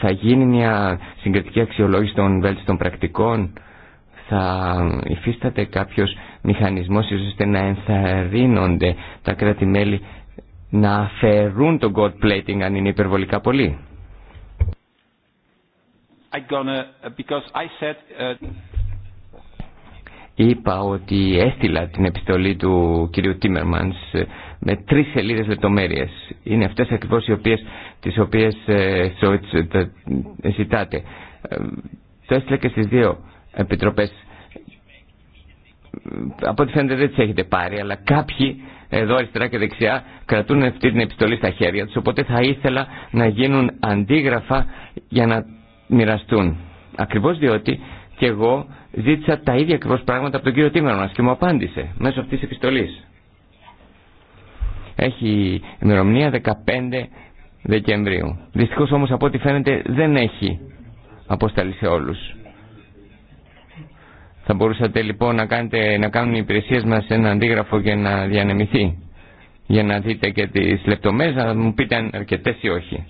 θα γίνει μια συγκριτική αξιολόγηση των βέλτιστων πρακτικών, θα υφίσταται κάποιος μηχανισμός ώστε να ενθαρρύνονται τα κράτη-μέλη να αφαιρούν το gold plating αν είναι υπερβολικά πολύ. Uh, uh, Είπα ότι έστειλα την επιστολή του κυρίου Τίμερμανς ε, με τρεις σελίδες λεπτομέρειες. Είναι αυτές ακριβώς οι οποίες, τις οποίες ε, ε, ζητάτε. Το έστειλα και στις δύο επιτροπές. Από ό,τι φαίνεται δεν τις έχετε πάρει, αλλά κάποιοι εδώ αριστερά και δεξιά κρατούν αυτή την επιστολή στα χέρια τους οπότε θα ήθελα να γίνουν αντίγραφα για να μοιραστούν. Ακριβώς διότι και εγώ ζήτησα τα ίδια ακριβώς πράγματα από τον κύριο Τίμερμας και μου απάντησε μέσω αυτής της επιστολής. Έχει ημερομηνία 15 Δεκεμβρίου. Δυστυχώς όμως από ό,τι φαίνεται δεν έχει αποσταλεί σε όλους. Θα μπορούσατε λοιπόν να, κάνετε, να κάνουν οι υπηρεσίε μα ένα αντίγραφο και να διανεμηθεί. Για να δείτε και τι λεπτομέρειε, να μου πείτε αν αρκετέ ή όχι.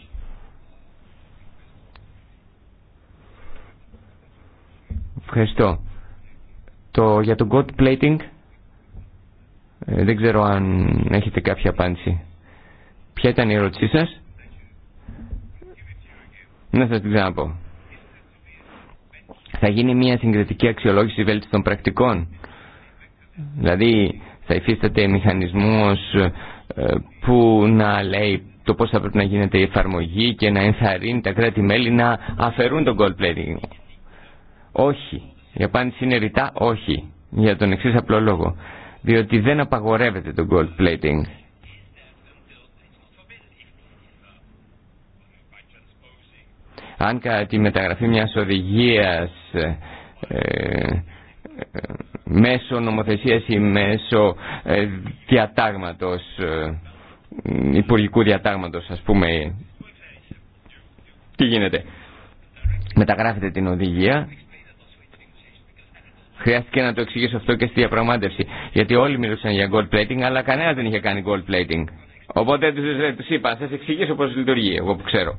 Ευχαριστώ. Το, για το gold plating ε, δεν ξέρω αν έχετε κάποια απάντηση. Ποια ήταν η ερώτησή σας? Να σας την ξαναπώ θα γίνει μια συγκριτική αξιολόγηση βέλτιστων πρακτικών. Δηλαδή θα υφίσταται μηχανισμός ε, που να λέει το πώς θα πρέπει να γίνεται η εφαρμογή και να ενθαρρύνει τα κράτη-μέλη να αφαιρούν τον gold plating. Όχι. Η απάντηση είναι ρητά όχι. Για τον εξή απλό λόγο. Διότι δεν απαγορεύεται το gold plating. αν κατά τη μεταγραφή μιας οδηγίας ε, ε μέσω νομοθεσίας ή μέσω ε, διατάγματος, ε, υπουργικού διατάγματος ας πούμε, τι γίνεται. Μεταγράφεται την οδηγία, χρειάστηκε να το εξηγήσω αυτό και στη διαπραγμάτευση, γιατί όλοι μιλούσαν για gold plating, αλλά κανένα δεν είχε κάνει gold plating. Οπότε τους είπα, σας εξηγήσω πώς λειτουργεί, εγώ που ξέρω.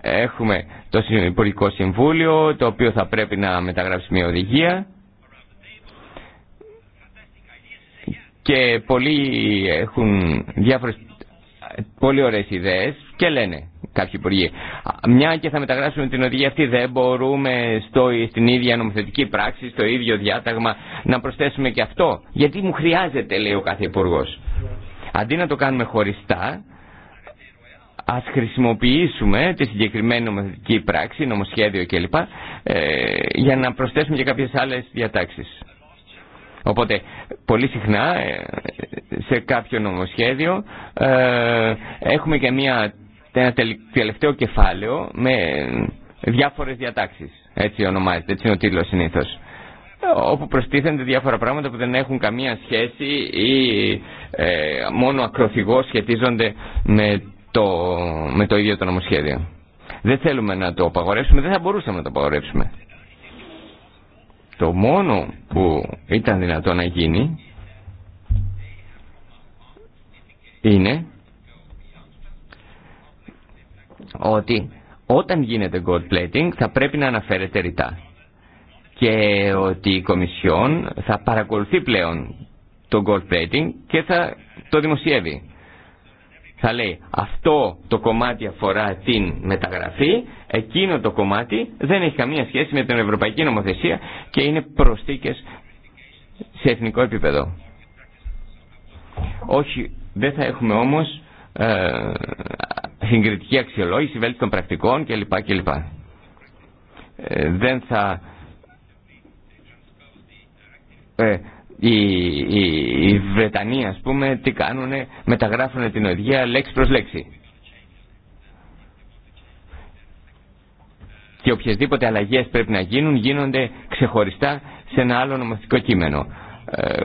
Έχουμε το Υπουργικό Συμβούλιο, το οποίο θα πρέπει να μεταγράψει μια οδηγία. Και πολλοί έχουν διάφορες πολύ ωραίες ιδέες και λένε κάποιοι υπουργοί. Μια και θα μεταγράψουμε την οδηγία αυτή, δεν μπορούμε στο, στην ίδια νομοθετική πράξη, στο ίδιο διάταγμα να προσθέσουμε και αυτό. Γιατί μου χρειάζεται, λέει ο κάθε υπουργό. Αντί να το κάνουμε χωριστά, ας χρησιμοποιήσουμε τη συγκεκριμένη νομοθετική πράξη, νομοσχέδιο κλπ. Ε, για να προσθέσουμε και κάποιες άλλες διατάξεις. Οπότε, πολύ συχνά ε, σε κάποιο νομοσχέδιο ε, έχουμε και μια, ένα τελευταίο κεφάλαιο με διάφορες διατάξεις. Έτσι ονομάζεται, έτσι είναι ο τίτλος συνήθως όπου προστίθενται διάφορα πράγματα που δεν έχουν καμία σχέση ή μόνο ακροθυγώς σχετίζονται με το, με το ίδιο το νομοσχέδιο. Δεν θέλουμε να το απαγορεύσουμε, δεν θα μπορούσαμε να το απαγορεύσουμε. Το μόνο που ήταν δυνατό να γίνει είναι ότι όταν γίνεται gold plating θα πρέπει να αναφέρεται ρητά και ότι η Κομισιόν θα παρακολουθεί πλέον το gold plating και θα το δημοσιεύει θα λέει αυτό το κομμάτι αφορά την μεταγραφή, εκείνο το κομμάτι δεν έχει καμία σχέση με την Ευρωπαϊκή Νομοθεσία και είναι προσθήκες σε εθνικό επίπεδο. Όχι, δεν θα έχουμε όμως ε, συγκριτική αξιολόγηση, βέλτιση των πρακτικών κλπ. κλπ. Ε, δεν θα... Ε, οι, οι, οι Βρετανοί ας πούμε τι κάνουνε, μεταγράφουν την οδηγία λέξη προς λέξη. Και οποιασδήποτε αλλαγές πρέπει να γίνουν γίνονται ξεχωριστά σε ένα άλλο νομοθετικό κείμενο. Ε, ε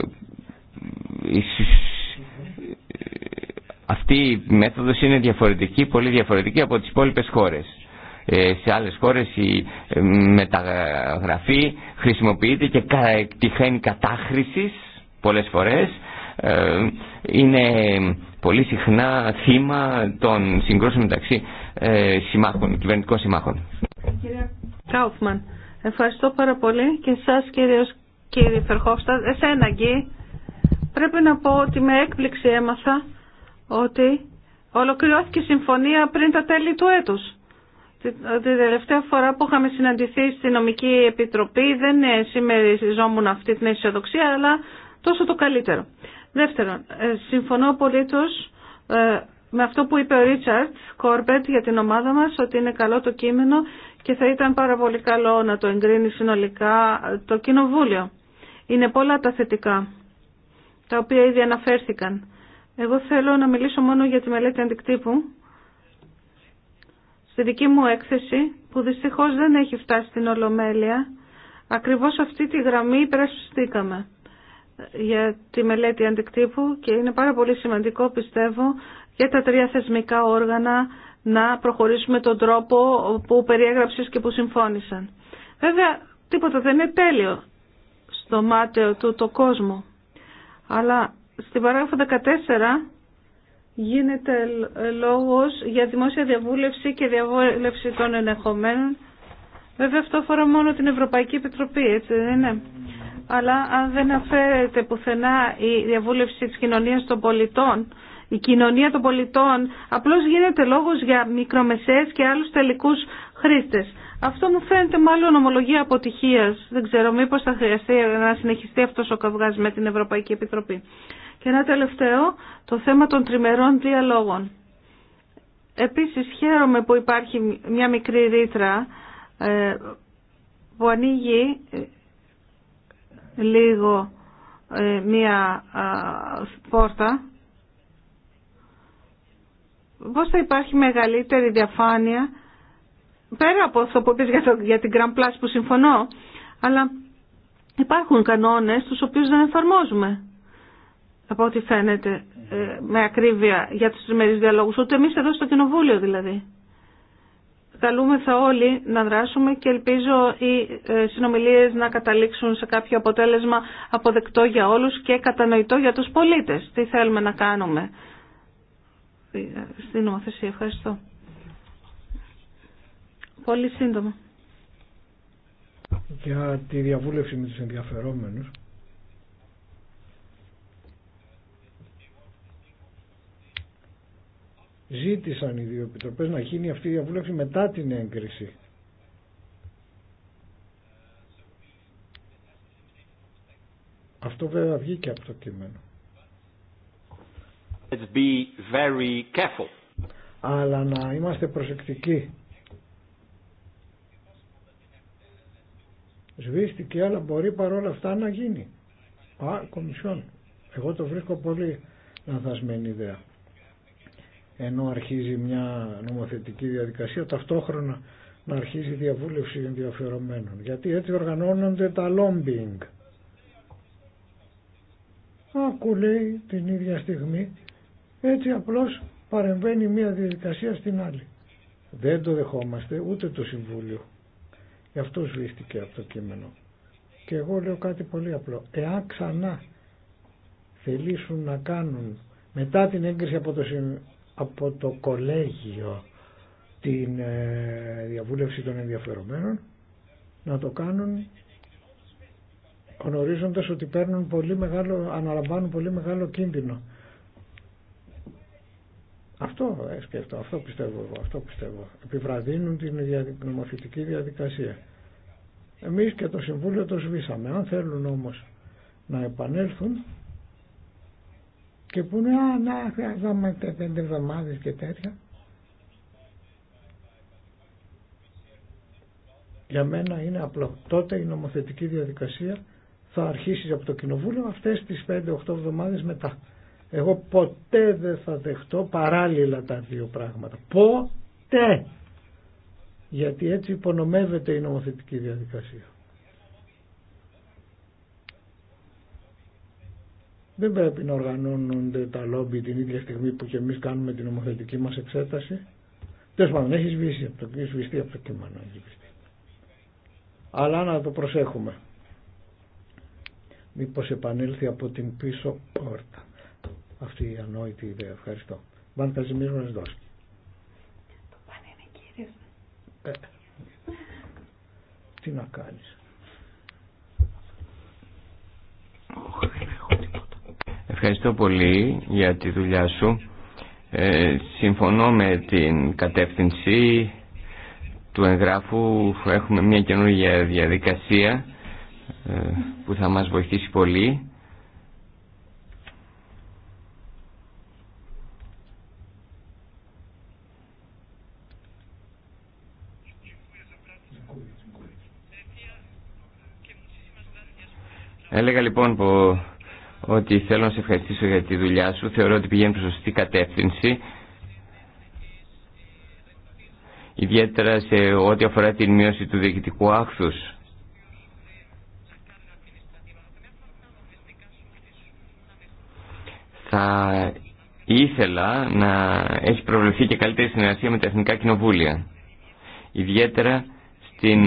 αυτή η μέθοδος είναι διαφορετική, πολύ διαφορετική από τις υπόλοιπες χώρες. Ε, σε άλλες χώρες η ε, μεταγραφή χρησιμοποιείται και τυχαίνει κατάχρηση πολλές φορές. Ε, είναι πολύ συχνά θύμα των συγκρούσεων μεταξύ συμμάχων, κυβερνητικών συμμάχων. Κύριε Κάουφμαν, ευχαριστώ πάρα πολύ και σας κύριος, κύριε Φερχόφστα, εσένα Γκή. Πρέπει να πω ότι με έκπληξη έμαθα ότι ολοκληρώθηκε η συμφωνία πριν τα τέλη του έτους. Την τελευταία φορά που είχαμε συναντηθεί στη νομική επιτροπή δεν συμμεριζόμουν αυτή την αισιοδοξία, αλλά τόσο το καλύτερο. Δεύτερον, ε, συμφωνώ απολύτως ε, με αυτό που είπε ο Ρίτσαρτ Κόρμπετ για την ομάδα μας, ότι είναι καλό το κείμενο και θα ήταν πάρα πολύ καλό να το εγκρίνει συνολικά το Κοινοβούλιο. Είναι πολλά τα θετικά, τα οποία ήδη αναφέρθηκαν. Εγώ θέλω να μιλήσω μόνο για τη μελέτη αντικτύπου στη δική μου έκθεση που δυστυχώς δεν έχει φτάσει στην Ολομέλεια. Ακριβώς αυτή τη γραμμή υπερασπιστήκαμε για τη μελέτη αντικτύπου και είναι πάρα πολύ σημαντικό πιστεύω για τα τρία θεσμικά όργανα να προχωρήσουμε τον τρόπο που περιέγραψες και που συμφώνησαν. Βέβαια τίποτα δεν είναι τέλειο στο μάταιο του το κόσμο. Αλλά στην παράγραφο 14 γίνεται ε, λόγος για δημόσια διαβούλευση και διαβούλευση των ενεχομένων. Βέβαια αυτό αφορά μόνο την Ευρωπαϊκή Επιτροπή, έτσι δεν είναι. Αλλά αν δεν αφαίρεται πουθενά η διαβούλευση της κοινωνίας των πολιτών, η κοινωνία των πολιτών, απλώς γίνεται λόγος για μικρομεσαίες και άλλους τελικούς χρήστες. Αυτό μου φαίνεται μάλλον ομολογία αποτυχίας. Δεν ξέρω μήπως θα χρειαστεί να συνεχιστεί αυτός ο καυγάς με την Ευρωπαϊκή Επιτροπή. Και ένα τελευταίο, το θέμα των τριμερών διαλόγων. Επίσης χαίρομαι που υπάρχει μια μικρή ρήτρα ε, που ανοίγει ε, λίγο ε, μια πόρτα. Πώς θα υπάρχει μεγαλύτερη διαφάνεια πέρα από αυτό που είπες για την Grand Place που συμφωνώ αλλά υπάρχουν κανόνες τους οποίους δεν εφαρμόζουμε από ό,τι φαίνεται ε, με ακρίβεια για τους τριμερείς διαλόγους, ούτε εμείς εδώ στο Κοινοβούλιο δηλαδή. Καλούμεθα όλοι να δράσουμε και ελπίζω οι ε, συνομιλίες να καταλήξουν σε κάποιο αποτέλεσμα αποδεκτό για όλους και κατανοητό για τους πολίτες. Τι θέλουμε να κάνουμε στην νομοθεσία. Ευχαριστώ. Πολύ σύντομα. Για τη διαβούλευση με τους ενδιαφερόμενους ζήτησαν οι δύο επιτροπές να γίνει αυτή η διαβούλευση μετά την έγκριση. Αυτό βέβαια βγήκε από το κείμενο. be very careful. Αλλά να είμαστε προσεκτικοί. Σβήστηκε, αλλά μπορεί παρόλα αυτά να γίνει. Α, κομισιόν. Εγώ το βρίσκω πολύ λανθασμένη ιδέα ενώ αρχίζει μια νομοθετική διαδικασία ταυτόχρονα να αρχίζει η διαβούλευση ενδιαφερομένων γιατί έτσι οργανώνονται τα lobbying άκου λέει την ίδια στιγμή έτσι απλώς παρεμβαίνει μια διαδικασία στην άλλη δεν το δεχόμαστε ούτε το Συμβούλιο γι' αυτό σβήστηκε από το κείμενο και εγώ λέω κάτι πολύ απλό εάν ξανά θελήσουν να κάνουν μετά την έγκριση από το από το κολέγιο την ε, διαβούλευση των ενδιαφερομένων να το κάνουν γνωρίζοντας ότι παίρνουν πολύ μεγάλο, αναλαμβάνουν πολύ μεγάλο κίνδυνο. Αυτό ε, αυτό πιστεύω εγώ, αυτό πιστεύω. Επιβραδύνουν την νομοθετική διαδικασία. Εμείς και το Συμβούλιο το σβήσαμε. Αν θέλουν όμως να επανέλθουν και που «Α, να, χρειαζόμαστε πέντε εβδομάδες και τέτοια». Για μένα είναι απλό. Τότε η νομοθετική διαδικασία θα αρχίσει από το Κοινοβούλιο αυτές τις 5-8 εβδομάδες μετά. Εγώ ποτέ δεν θα δεχτώ παράλληλα τα δύο πράγματα. Ποτέ! Γιατί έτσι υπονομεύεται η νομοθετική διαδικασία. Δεν πρέπει να οργανώνονται τα λόμπι την ίδια στιγμή που και εμεί κάνουμε την νομοθετική μα εξέταση. Τέλο πάντων, έχει σβήσει από το, έχει από το κείμενο. Αλλά να το προσέχουμε. Μήπως επανέλθει από την πίσω πόρτα. Αυτή η ανόητη ιδέα. Ευχαριστώ. Μπαν πάνε μας δώσει. Ε, τι να κάνεις. ευχαριστώ πολύ για τη δουλειά σου. Ε, συμφωνώ με την κατεύθυνση του εγγράφου. Έχουμε μια καινούργια διαδικασία ε, που θα μας βοηθήσει πολύ. Έλεγα λοιπόν που ότι θέλω να σε ευχαριστήσω για τη δουλειά σου. Θεωρώ ότι πηγαίνει προς σωστή κατεύθυνση. Ιδιαίτερα σε ό,τι αφορά την μείωση του διοικητικού άχθους. Θα ήθελα να έχει προβληθεί και καλύτερη συνεργασία με τα Εθνικά Κοινοβούλια. Ιδιαίτερα στην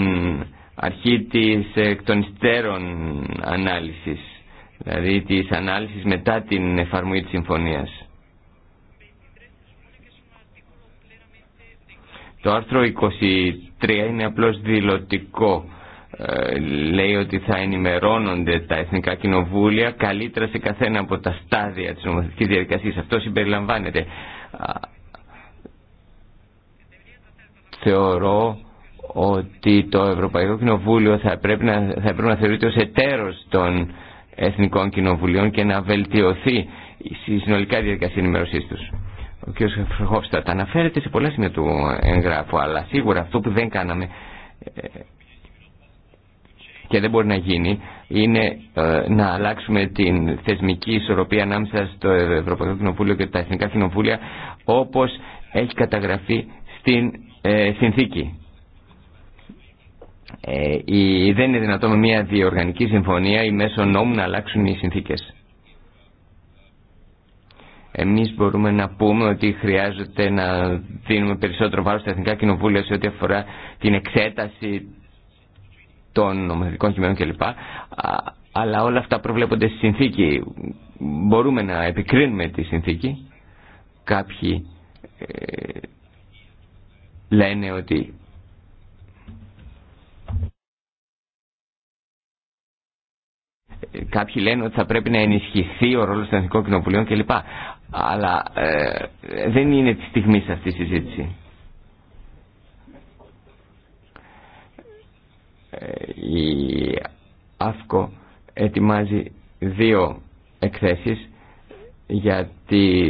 αρχή της εκ των υστέρων ανάλυσης δηλαδή της ανάλυσης μετά την εφαρμογή της συμφωνίας. Το άρθρο 23 είναι απλώς δηλωτικό. Ε, λέει ότι θα ενημερώνονται τα εθνικά κοινοβούλια καλύτερα σε καθένα από τα στάδια της νομοθετικής διαδικασίας. Αυτό συμπεριλαμβάνεται. Θεωρώ ότι το Ευρωπαϊκό Κοινοβούλιο θα πρέπει να, θα πρέπει να θεωρείται ως εταίρος των Εθνικών Κοινοβουλίων και να βελτιωθεί η συνολικά διαδικασία ενημερωσή του. Ο κ. τα αναφέρεται σε πολλά σημεία του εγγράφου, αλλά σίγουρα αυτό που δεν κάναμε ε, και δεν μπορεί να γίνει είναι ε, να αλλάξουμε την θεσμική ισορροπία ανάμεσα στο Ευρωπαϊκό Κοινοβούλιο και τα Εθνικά Κοινοβούλια όπως έχει καταγραφεί στην ε, συνθήκη ε, η, δεν είναι δυνατόν με μια διοργανική συμφωνία ή μέσω νόμου να αλλάξουν οι συνθήκες. Εμείς μπορούμε να πούμε ότι χρειάζεται να δίνουμε περισσότερο βάρος στα Εθνικά Κοινοβούλια σε ό,τι αφορά την εξέταση των νομοθετικών κειμένων κλπ. Αλλά όλα αυτά προβλέπονται στη συνθήκη. Μπορούμε να επικρίνουμε τη συνθήκη. Κάποιοι ε, λένε ότι Κάποιοι λένε ότι θα πρέπει να ενισχυθεί ο ρόλος των Εθνικών Κοινοβουλίων κλπ. Αλλά ε, δεν είναι τη στιγμή σε αυτή η συζήτηση. Ε, η ΑΦΚΟ ετοιμάζει δύο εκθέσεις για τη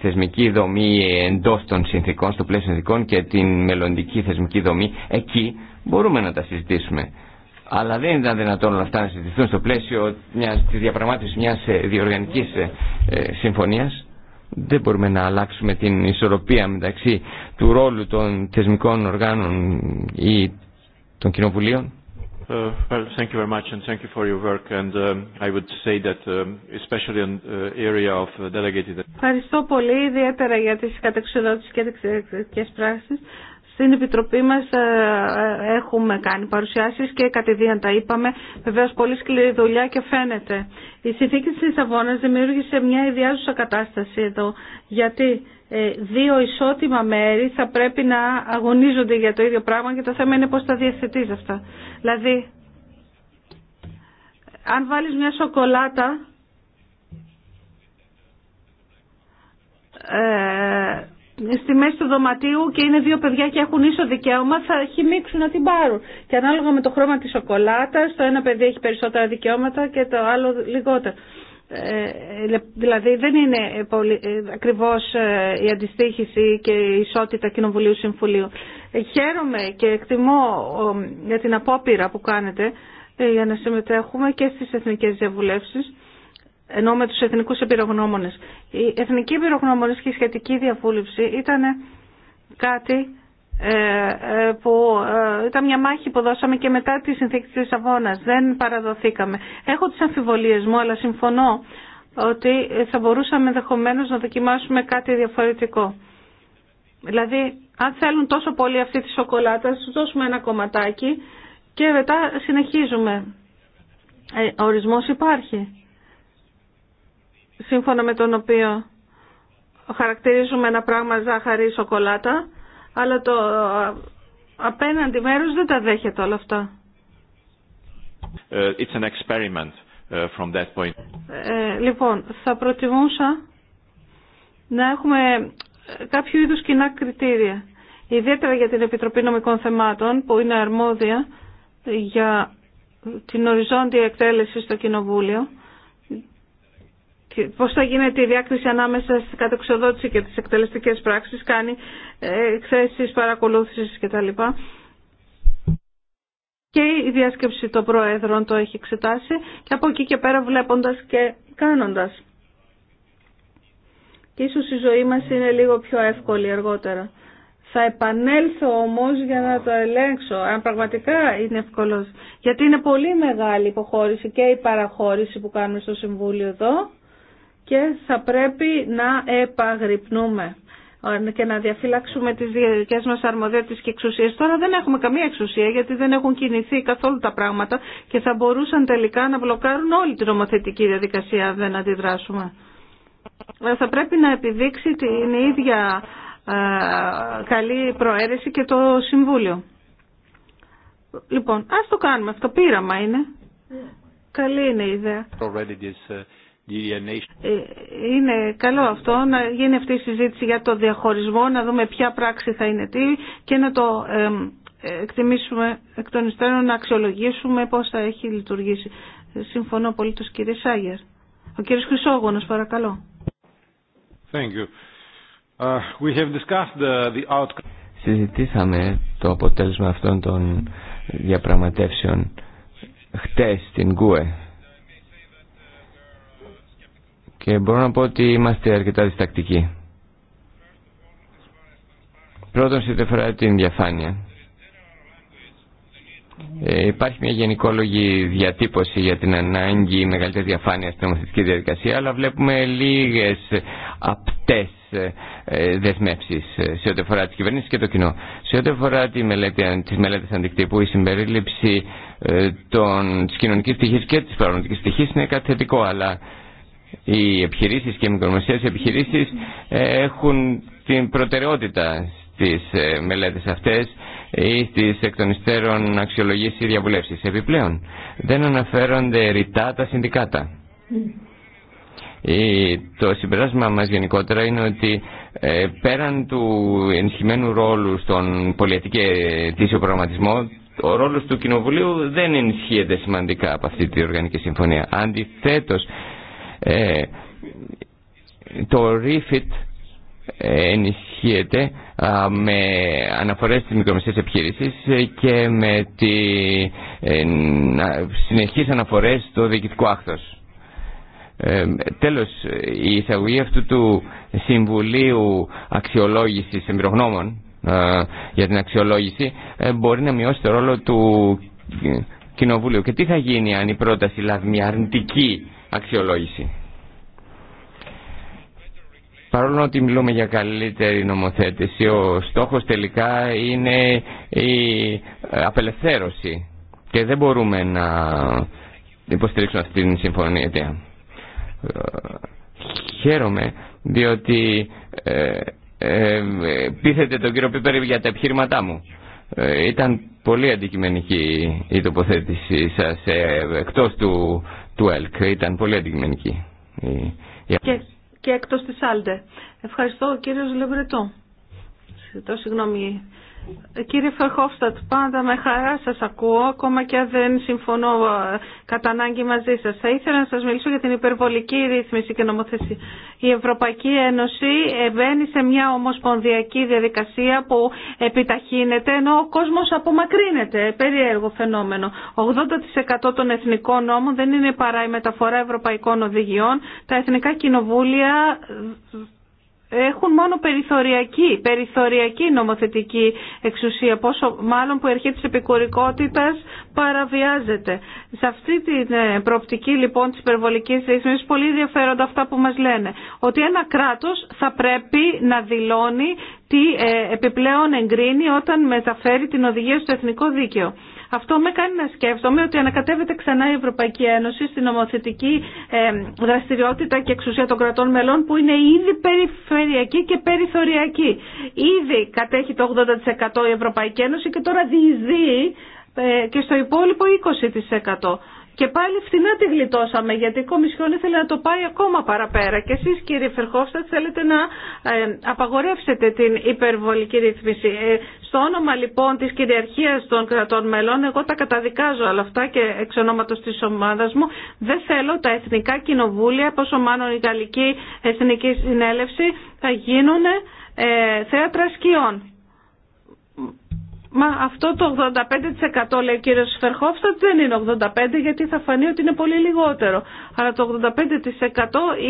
θεσμική δομή εντός των συνθήκων, στο πλαίσιο συνθήκων και την μελλοντική θεσμική δομή. Εκεί μπορούμε να τα συζητήσουμε αλλά δεν ήταν δυνατόν όλα αυτά να συζητηθούν στο πλαίσιο μιας, της διαπραγμάτευσης μιας ε, διοργανικής ε, ε, συμφωνίας. Δεν μπορούμε να αλλάξουμε την ισορροπία μεταξύ του ρόλου των θεσμικών οργάνων ή των κοινοβουλίων. well, thank you very much and thank you for your work and um, I would say that um, especially in uh, area of uh, delegated... Ευχαριστώ πολύ ιδιαίτερα για τις κατεξοδότητες και τις πράξεις. Στην Επιτροπή μας ε, ε, έχουμε κάνει παρουσιάσεις και κατηδίαν τα είπαμε. Βεβαίως πολύ σκληρή δουλειά και φαίνεται. Η συνθήκη της Λισαβόνας δημιούργησε μια ιδιάζουσα κατάσταση εδώ. Γιατί ε, δύο ισότιμα μέρη θα πρέπει να αγωνίζονται για το ίδιο πράγμα και το θέμα είναι πώς τα διαθετείς αυτά. Δηλαδή, αν βάλεις μια σοκολάτα... Ε, στη μέση του δωματίου και είναι δύο παιδιά και έχουν ίσο δικαίωμα, θα χυμίξουν να την πάρουν. Και ανάλογα με το χρώμα της σοκολάτας, το ένα παιδί έχει περισσότερα δικαιώματα και το άλλο λιγότερα. Ε, δηλαδή δεν είναι ε, πολύ, ε, ακριβώς η αντιστοίχηση και η ισότητα Κοινοβουλίου Συμφουλίου. Ε, χαίρομαι και εκτιμώ για την απόπειρα που κάνετε για να συμμετέχουμε και στις εθνικές διαβουλεύσεις ενώ με τους εθνικούς εμπειρογνώμονες. Οι εθνικοί εμπειρογνώμονες και η σχετική διαβούλευση ήταν κάτι ε, ε, που ε, ήταν μια μάχη που δώσαμε και μετά τη συνθήκη της Λισαβόνας. Δεν παραδοθήκαμε. Έχω τις αμφιβολίες μου, αλλά συμφωνώ ότι θα μπορούσαμε ενδεχομένω να δοκιμάσουμε κάτι διαφορετικό. Δηλαδή, αν θέλουν τόσο πολύ αυτή τη σοκολάτα, τους δώσουμε ένα κομματάκι και μετά συνεχίζουμε. Ε, ορισμός υπάρχει σύμφωνα με τον οποίο χαρακτηρίζουμε ένα πράγμα ζάχαρη ή σοκολάτα, αλλά το απέναντι μέρος δεν τα δέχεται όλα αυτά. Ε, ε, ε, λοιπόν, θα προτιμούσα να έχουμε κάποιο είδους κοινά κριτήρια. Ιδιαίτερα για την Επιτροπή Νομικών Θεμάτων που είναι αρμόδια για την οριζόντια εκτέλεση στο Κοινοβούλιο πώς θα γίνεται η διάκριση ανάμεσα στη κατεξοδότηση και τις εκτελεστικές πράξεις, κάνει ε, εκθέσεις, παρακολούθησης κτλ. Και η διάσκεψη των Προέδρων το έχει εξετάσει και από εκεί και πέρα βλέποντας και κάνοντας. Και ίσως η ζωή μας είναι λίγο πιο εύκολη αργότερα. Θα επανέλθω όμως για να το ελέγξω, αν πραγματικά είναι ευκολός. Γιατί είναι πολύ μεγάλη η υποχώρηση και η παραχώρηση που κάνουμε στο Συμβούλιο εδώ και θα πρέπει να επαγρυπνούμε ε, και να διαφυλάξουμε τις δικές μας αρμοδιότητες και εξουσίες. Τώρα δεν έχουμε καμία εξουσία γιατί δεν έχουν κινηθεί καθόλου τα πράγματα και θα μπορούσαν τελικά να μπλοκάρουν όλη την νομοθετική διαδικασία αν δεν αντιδράσουμε. Ε, θα πρέπει να επιδείξει την ίδια ε, καλή προαίρεση και το Συμβούλιο. Λοιπόν, ας το κάνουμε. Αυτό πείραμα είναι. Ναι. Καλή είναι η ιδέα. Ε, είναι καλό αυτό να γίνει αυτή η συζήτηση για το διαχωρισμό, να δούμε ποια πράξη θα είναι τι και να το εκτιμήσουμε εκ των υστέρων, να αξιολογήσουμε πώς θα έχει λειτουργήσει. Ε, συμφωνώ πολύ τους κύριε Σάγερ. Ο κύριος Χρυσόγωνος, παρακαλώ. Thank you. Uh, we have discussed the, the outcome. Συζητήσαμε το αποτέλεσμα αυτών των διαπραγματεύσεων χτες στην ΚΟΕ και μπορώ να πω ότι είμαστε αρκετά διστακτικοί. Πρώτον, σε φορά την διαφάνεια. Ε, υπάρχει μια γενικόλογη διατύπωση για την ανάγκη μεγαλύτερη διαφάνεια στην νομοθετική διαδικασία, αλλά βλέπουμε λίγες απτές ε, δεσμεύσεις ε, σε ό,τι αφορά τις κυβερνήσεις και το κοινό. Σε ό,τι αφορά τη μελέτη, τις μελέτες αντικτύπου, η συμπερίληψη ε, των, της κοινωνικής στοιχής και της πραγματικής τυχή είναι κάτι θετικό, αλλά οι επιχειρήσεις και οι μικρομεσαίες επιχειρήσεις ε, έχουν την προτεραιότητα στις ε, μελέτες αυτές ή στις εκ των υστέρων αξιολογήσεις ή Επιπλέον, δεν αναφέρονται ρητά τα συνδικάτα. Το συμπεράσμα μας γενικότερα είναι ότι ε, πέραν του ενισχυμένου ρόλου στον πολιτικό ετήσιο προγραμματισμό, ο ρόλος του Κοινοβουλίου δεν ενισχύεται σημαντικά από αυτή τη Οργανική Συμφωνία. Αντιθέτως, ε, το refit ε, ενισχύεται με αναφορές στις μικρομεσαίες επιχειρήσεις ε, και με τη ε, συνεχείς αναφορές στο διοικητικό άκθος. τέλος, η εισαγωγή αυτού του Συμβουλίου Αξιολόγησης Εμπειρογνώμων για την αξιολόγηση μπορεί να μειώσει το ρόλο του Κοινοβουλίου. Και τι θα γίνει αν η πρόταση λάβει μια αρνητική αξιολόγηση. Παρόλο ότι μιλούμε για καλύτερη νομοθέτηση, ο στόχος τελικά είναι η ε, απελευθέρωση και δεν μπορούμε να υποστηρίξουμε αυτή την συμφωνία. Ε, χαίρομαι διότι ε, ε, πείθετε τον κύριο Πίπερ για τα επιχείρηματά μου. Ε, ήταν πολύ αντικειμενική η τοποθέτησή σας εκτός του του ΕΛΚ. Ήταν πολύ αντικειμενική. Και, και εκτός της Άλντε. Ευχαριστώ κύριο Λεβρετό. Ζητώ συγγνώμη Κύριε Φερχόφστατ, πάντα με χαρά σας ακούω, ακόμα και αν δεν συμφωνώ ε, κατά ανάγκη μαζί σας. Θα ήθελα να σας μιλήσω για την υπερβολική ρύθμιση και νομοθεσία. Η Ευρωπαϊκή Ένωση ε, μπαίνει σε μια ομοσπονδιακή διαδικασία που επιταχύνεται, ενώ ο κόσμος απομακρύνεται, περίεργο φαινόμενο. 80% των εθνικών νόμων δεν είναι παρά η μεταφορά ευρωπαϊκών οδηγιών. Τα εθνικά κοινοβούλια έχουν μόνο περιθωριακή, περιθωριακή νομοθετική εξουσία, πόσο μάλλον που η αρχή της επικουρικότητας παραβιάζεται. Σε αυτή την ε, προοπτική λοιπόν της υπερβολικής ρύθμισης πολύ ενδιαφέροντα αυτά που μας λένε. Ότι ένα κράτος θα πρέπει να δηλώνει τι ε, επιπλέον εγκρίνει όταν μεταφέρει την οδηγία στο εθνικό δίκαιο. Αυτό με κάνει να σκέφτομαι ότι ανακατεύεται ξανά η Ευρωπαϊκή Ένωση στην νομοθετική ε, δραστηριότητα και εξουσία των κρατών μελών που είναι ήδη περιφερειακή και περιθωριακή. Ήδη κατέχει το 80% η Ευρωπαϊκή Ένωση και τώρα διεισδύει ε, και στο υπόλοιπο 20%. Και πάλι φθηνά τη γλιτώσαμε γιατί η Κομισιόν ήθελε να το πάει ακόμα παραπέρα. Και εσείς κύριε Φερχόφστατ θέλετε να ε, απαγορεύσετε την υπερβολική ρύθμιση. Ε, στο όνομα λοιπόν της κυριαρχίας των κρατών μελών εγώ τα καταδικάζω όλα αυτά και εξ ονόματος της ομάδας μου δεν θέλω τα εθνικά κοινοβούλια, πόσο μάλλον η Γαλλική Εθνική Συνέλευση θα γίνουν ε, θέατρα σκιών. Μα αυτό το 85% λέει ο κύριος Φερχόφστατ δεν είναι 85% γιατί θα φανεί ότι είναι πολύ λιγότερο. Αλλά το 85%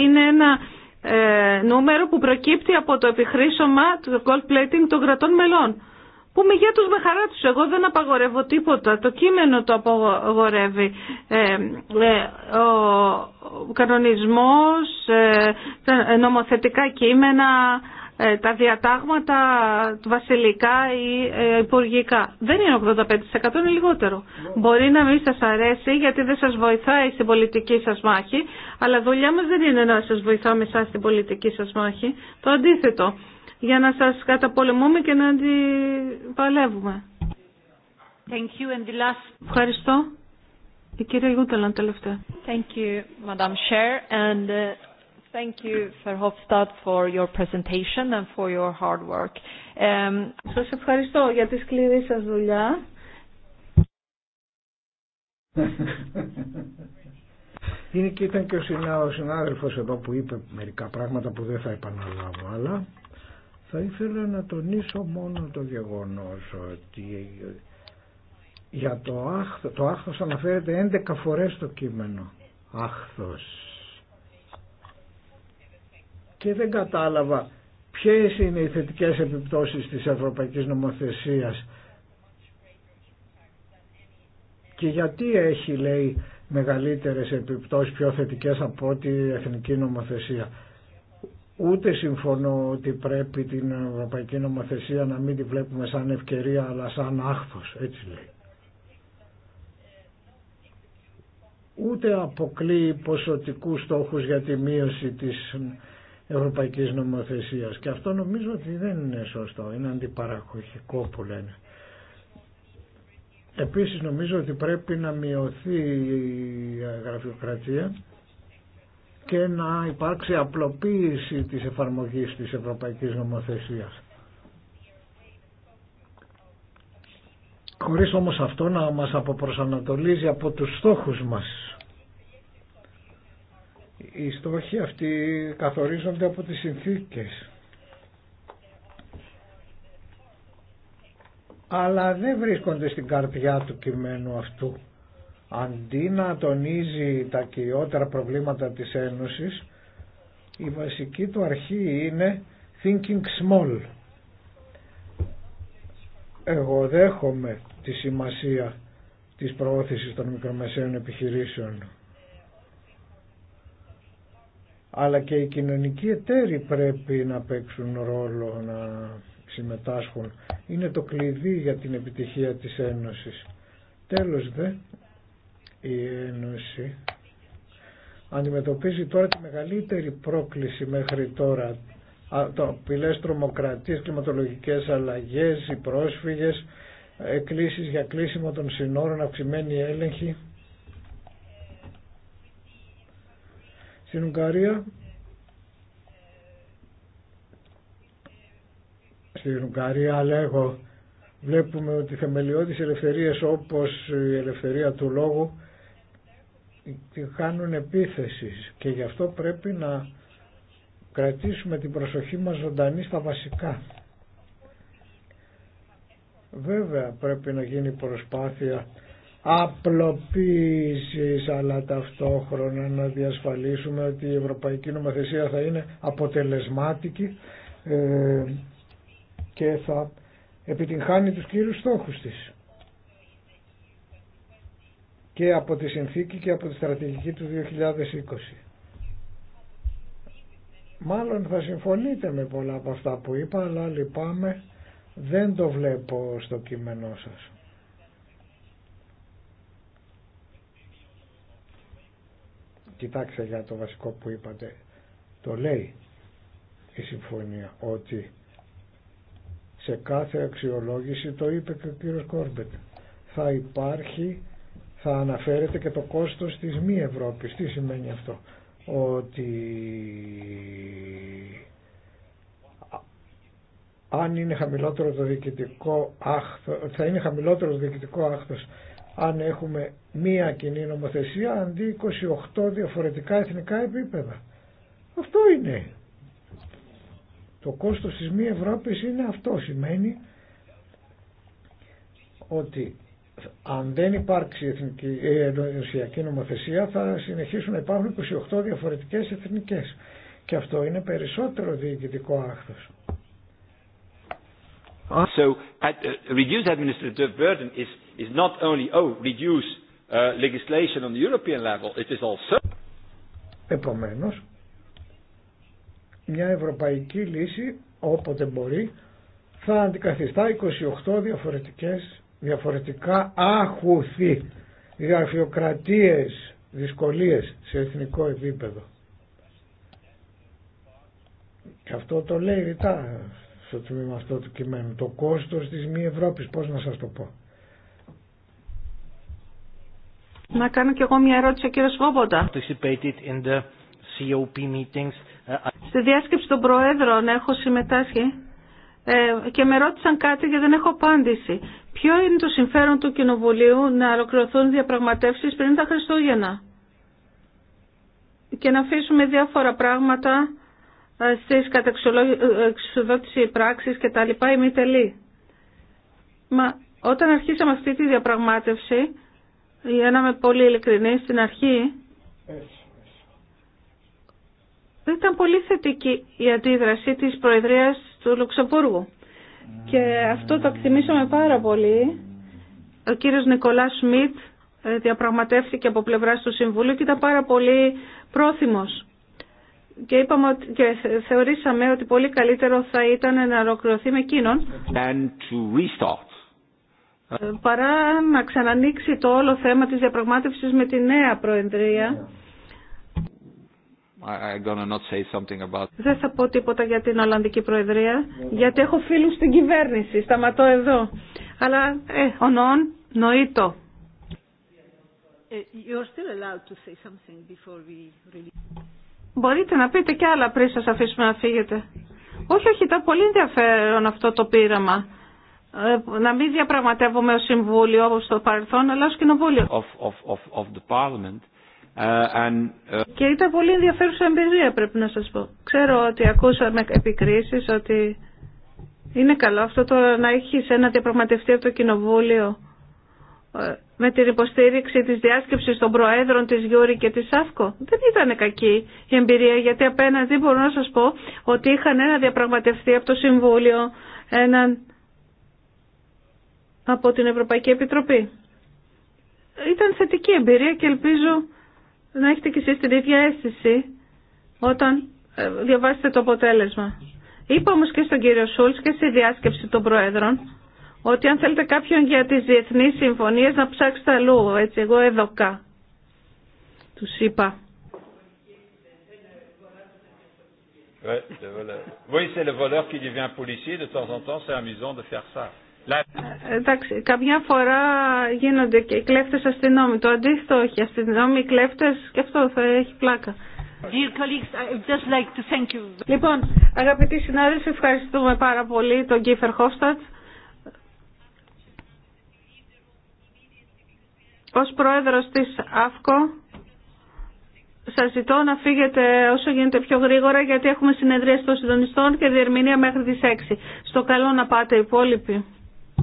είναι ένα ε, νούμερο που προκύπτει από το επιχρήσωμα του gold plating των κρατών μελών. Που με για τους με χαρά τους. Εγώ δεν απαγορεύω τίποτα. Το κείμενο το απαγορεύει. Ε, ε ο κανονισμός, ε, νομοθετικά κείμενα, ε, τα διατάγματα βασιλικά ή ε, υπουργικά. Δεν είναι 85%, είναι λιγότερο. Μπορεί να μην σας αρέσει γιατί δεν σας βοηθάει στην πολιτική σας μάχη, αλλά δουλειά μας δεν είναι να σας βοηθάμε εσά στην πολιτική σας μάχη. Το αντίθετο, για να σας καταπολεμούμε και να αντιπαλεύουμε. Thank you and the last... Ευχαριστώ. Η κυρία τελευταία. Thank you, and uh, Thank Σας ευχαριστώ για τη σκληρή σας δουλειά. Είναι και ήταν και ο συνάδελφος εδώ που είπε μερικά πράγματα που δεν θα επαναλάβω, αλλά θα ήθελα να τονίσω μόνο το γεγονός ότι για το άχθος, το άχθος αναφέρεται 11 φορές στο κείμενο. Άχθος και δεν κατάλαβα ποιες είναι οι θετικές επιπτώσεις της Ευρωπαϊκής Νομοθεσίας και γιατί έχει λέει μεγαλύτερες επιπτώσεις πιο θετικές από ό,τι η Εθνική Νομοθεσία. Ούτε συμφωνώ ότι πρέπει την Ευρωπαϊκή Νομοθεσία να μην τη βλέπουμε σαν ευκαιρία αλλά σαν άχθος, έτσι λέει. Ούτε αποκλεί ποσοτικού στόχους για τη μείωση της ευρωπαϊκής νομοθεσίας και αυτό νομίζω ότι δεν είναι σωστό, είναι αντιπαραγωγικό που λένε. Επίσης νομίζω ότι πρέπει να μειωθεί η γραφειοκρατία και να υπάρξει απλοποίηση της εφαρμογής της ευρωπαϊκής νομοθεσίας. Χωρίς όμως αυτό να μας αποπροσανατολίζει από τους στόχους μας. Οι στόχοι αυτοί καθορίζονται από τις συνθήκες. Αλλά δεν βρίσκονται στην καρδιά του κειμένου αυτού. Αντί να τονίζει τα κυριότερα προβλήματα της Ένωσης, η βασική του αρχή είναι thinking small. Εγώ δέχομαι τη σημασία της προώθησης των μικρομεσαίων επιχειρήσεων αλλά και οι κοινωνικοί εταίροι πρέπει να παίξουν ρόλο, να συμμετάσχουν. Είναι το κλειδί για την επιτυχία της Ένωσης. Τέλος δε, η Ένωση αντιμετωπίζει τώρα τη μεγαλύτερη πρόκληση μέχρι τώρα. πυλές τρομοκρατίες, κλιματολογικές αλλαγές, οι πρόσφυγες, εκκλήσεις για κλείσιμο των συνόρων, αυξημένη έλεγχη στην Ουγγαρία. Στην Ουγγαρία λέγω βλέπουμε ότι θεμελιώδεις ελευθερίες όπως η ελευθερία του λόγου κάνουν επίθεση και γι' αυτό πρέπει να κρατήσουμε την προσοχή μας ζωντανή στα βασικά. Βέβαια πρέπει να γίνει προσπάθεια απλοποίησης αλλά ταυτόχρονα να διασφαλίσουμε ότι η Ευρωπαϊκή Νομοθεσία θα είναι αποτελεσμάτικη ε, και θα επιτυγχάνει τους κύριους στόχους της και από τη συνθήκη και από τη στρατηγική του 2020. Μάλλον θα συμφωνείτε με πολλά από αυτά που είπα, αλλά λυπάμαι δεν το βλέπω στο κείμενό σας. Κοιτάξτε για το βασικό που είπατε. Το λέει η συμφωνία ότι σε κάθε αξιολόγηση, το είπε και ο κύριος Κόρμπετ, θα υπάρχει, θα αναφέρεται και το κόστος της μη Ευρώπης. Τι σημαίνει αυτό. Ότι αν είναι χαμηλότερο το διοικητικό άχθος, θα είναι χαμηλότερο το διοικητικό άχθος αν έχουμε μία κοινή νομοθεσία αντί 28 διαφορετικά εθνικά επίπεδα. Αυτό είναι. Το κόστος της μη Ευρώπης είναι αυτό. Σημαίνει ότι αν δεν υπάρξει εθνική, ε, ενωσιακή νομοθεσία θα συνεχίσουν να υπάρχουν 28 διαφορετικές εθνικές. Και αυτό είναι περισσότερο διοικητικό άχθος. So, uh, uh, reduced administrative burden is is not only, oh, reduce uh, legislation on the European level, it is also... Επομένως, μια ευρωπαϊκή λύση, όποτε μπορεί, θα αντικαθιστά 28 διαφορετικές, διαφορετικά άχουθη γραφειοκρατίες, δυσκολίες σε εθνικό επίπεδο. Και αυτό το λέει ρητά στο τμήμα αυτό του κειμένου. Το κόστος της μη Ευρώπης, πώς να σας το πω. Να κάνω κι εγώ μια ερώτηση, κύριο Σβόμποντα. Uh, Στη διάσκεψη των Προέδρων έχω συμμετάσχει ε, και με ρώτησαν κάτι και δεν έχω απάντηση. Ποιο είναι το συμφέρον του Κοινοβουλίου να ολοκληρωθούν διαπραγματεύσεις πριν τα Χριστούγεννα και να αφήσουμε διάφορα πράγματα ε, στις κατεξοδότηση ε, πράξης και τα λοιπά ημιτελή. Μα όταν αρχίσαμε αυτή τη διαπραγμάτευση για να είμαι πολύ ειλικρινή, στην αρχή ήταν πολύ θετική η αντίδραση της Προεδρίας του Λουξεμβούργου. Και αυτό το εκτιμήσαμε πάρα πολύ. Ο κύριος Νικολά Σμιτ ε, διαπραγματεύτηκε από πλευρά του Συμβούλου και ήταν πάρα πολύ πρόθυμος. Και, είπαμε ότι, θεωρήσαμε ότι πολύ καλύτερο θα ήταν να ολοκληρωθεί με εκείνον. And to παρά να ξανανοίξει το όλο θέμα της διαπραγμάτευσης με τη νέα Προεδρία. Δεν θα πω τίποτα για την Ολλανδική Προεδρία, γιατί έχω φίλους στην κυβέρνηση, σταματώ εδώ. Αλλά, ε, ο νόν, νοήτο. Ε, Μπορείτε να πείτε κι άλλα πριν σας αφήσουμε να φύγετε. Όχι, όχι, ήταν πολύ ενδιαφέρον αυτό το πείραμα. Ε, να μην διαπραγματεύουμε ως Συμβούλιο όπως στο παρελθόν, αλλά ως Κοινοβούλιο. Of, of, of the Uh, and, uh... Και ήταν πολύ ενδιαφέρουσα εμπειρία πρέπει να σας πω. Ξέρω ότι ακούσαμε επικρίσεις ότι είναι καλό αυτό το να έχει ένα διαπραγματευτεί από το Κοινοβούλιο ε, με την υποστήριξη της διάσκεψης των Προέδρων της Γιούρη και της ΣΑΦΚΟ. Δεν ήταν κακή η εμπειρία γιατί απέναντι μπορώ να σας πω ότι είχαν ένα διαπραγματευτεί από το Συμβούλιο, έναν από την Ευρωπαϊκή Επιτροπή. Ήταν θετική εμπειρία και ελπίζω να έχετε κι εσείς την ίδια αίσθηση όταν ε, διαβάσετε το αποτέλεσμα. Είπα όμως και στον κύριο Σούλτς και στη διάσκεψη των Προέδρων ότι αν θέλετε κάποιον για τις διεθνείς συμφωνίες να ψάξετε αλλού, έτσι, εγώ εδώ έδωκα. Τους είπα. Oui, c'est le voleur qui devient policier. De temps en temps, c'est Εντάξει, καμιά φορά γίνονται και κλέφτες αστυνόμοι. Το αντίθετο όχι. Αστυνόμοι, κλέφτες και αυτό θα έχει πλάκα. Λοιπόν, αγαπητοί συνάδελφοι, ευχαριστούμε πάρα πολύ τον Κίφερ Χόφστατ. Ως πρόεδρος της ΑΦΚΟ, σας ζητώ να φύγετε όσο γίνεται πιο γρήγορα, γιατί έχουμε συνεδρίες των συντονιστών και διερμηνία μέχρι τις 6. Στο καλό να πάτε οι υπόλοιποι.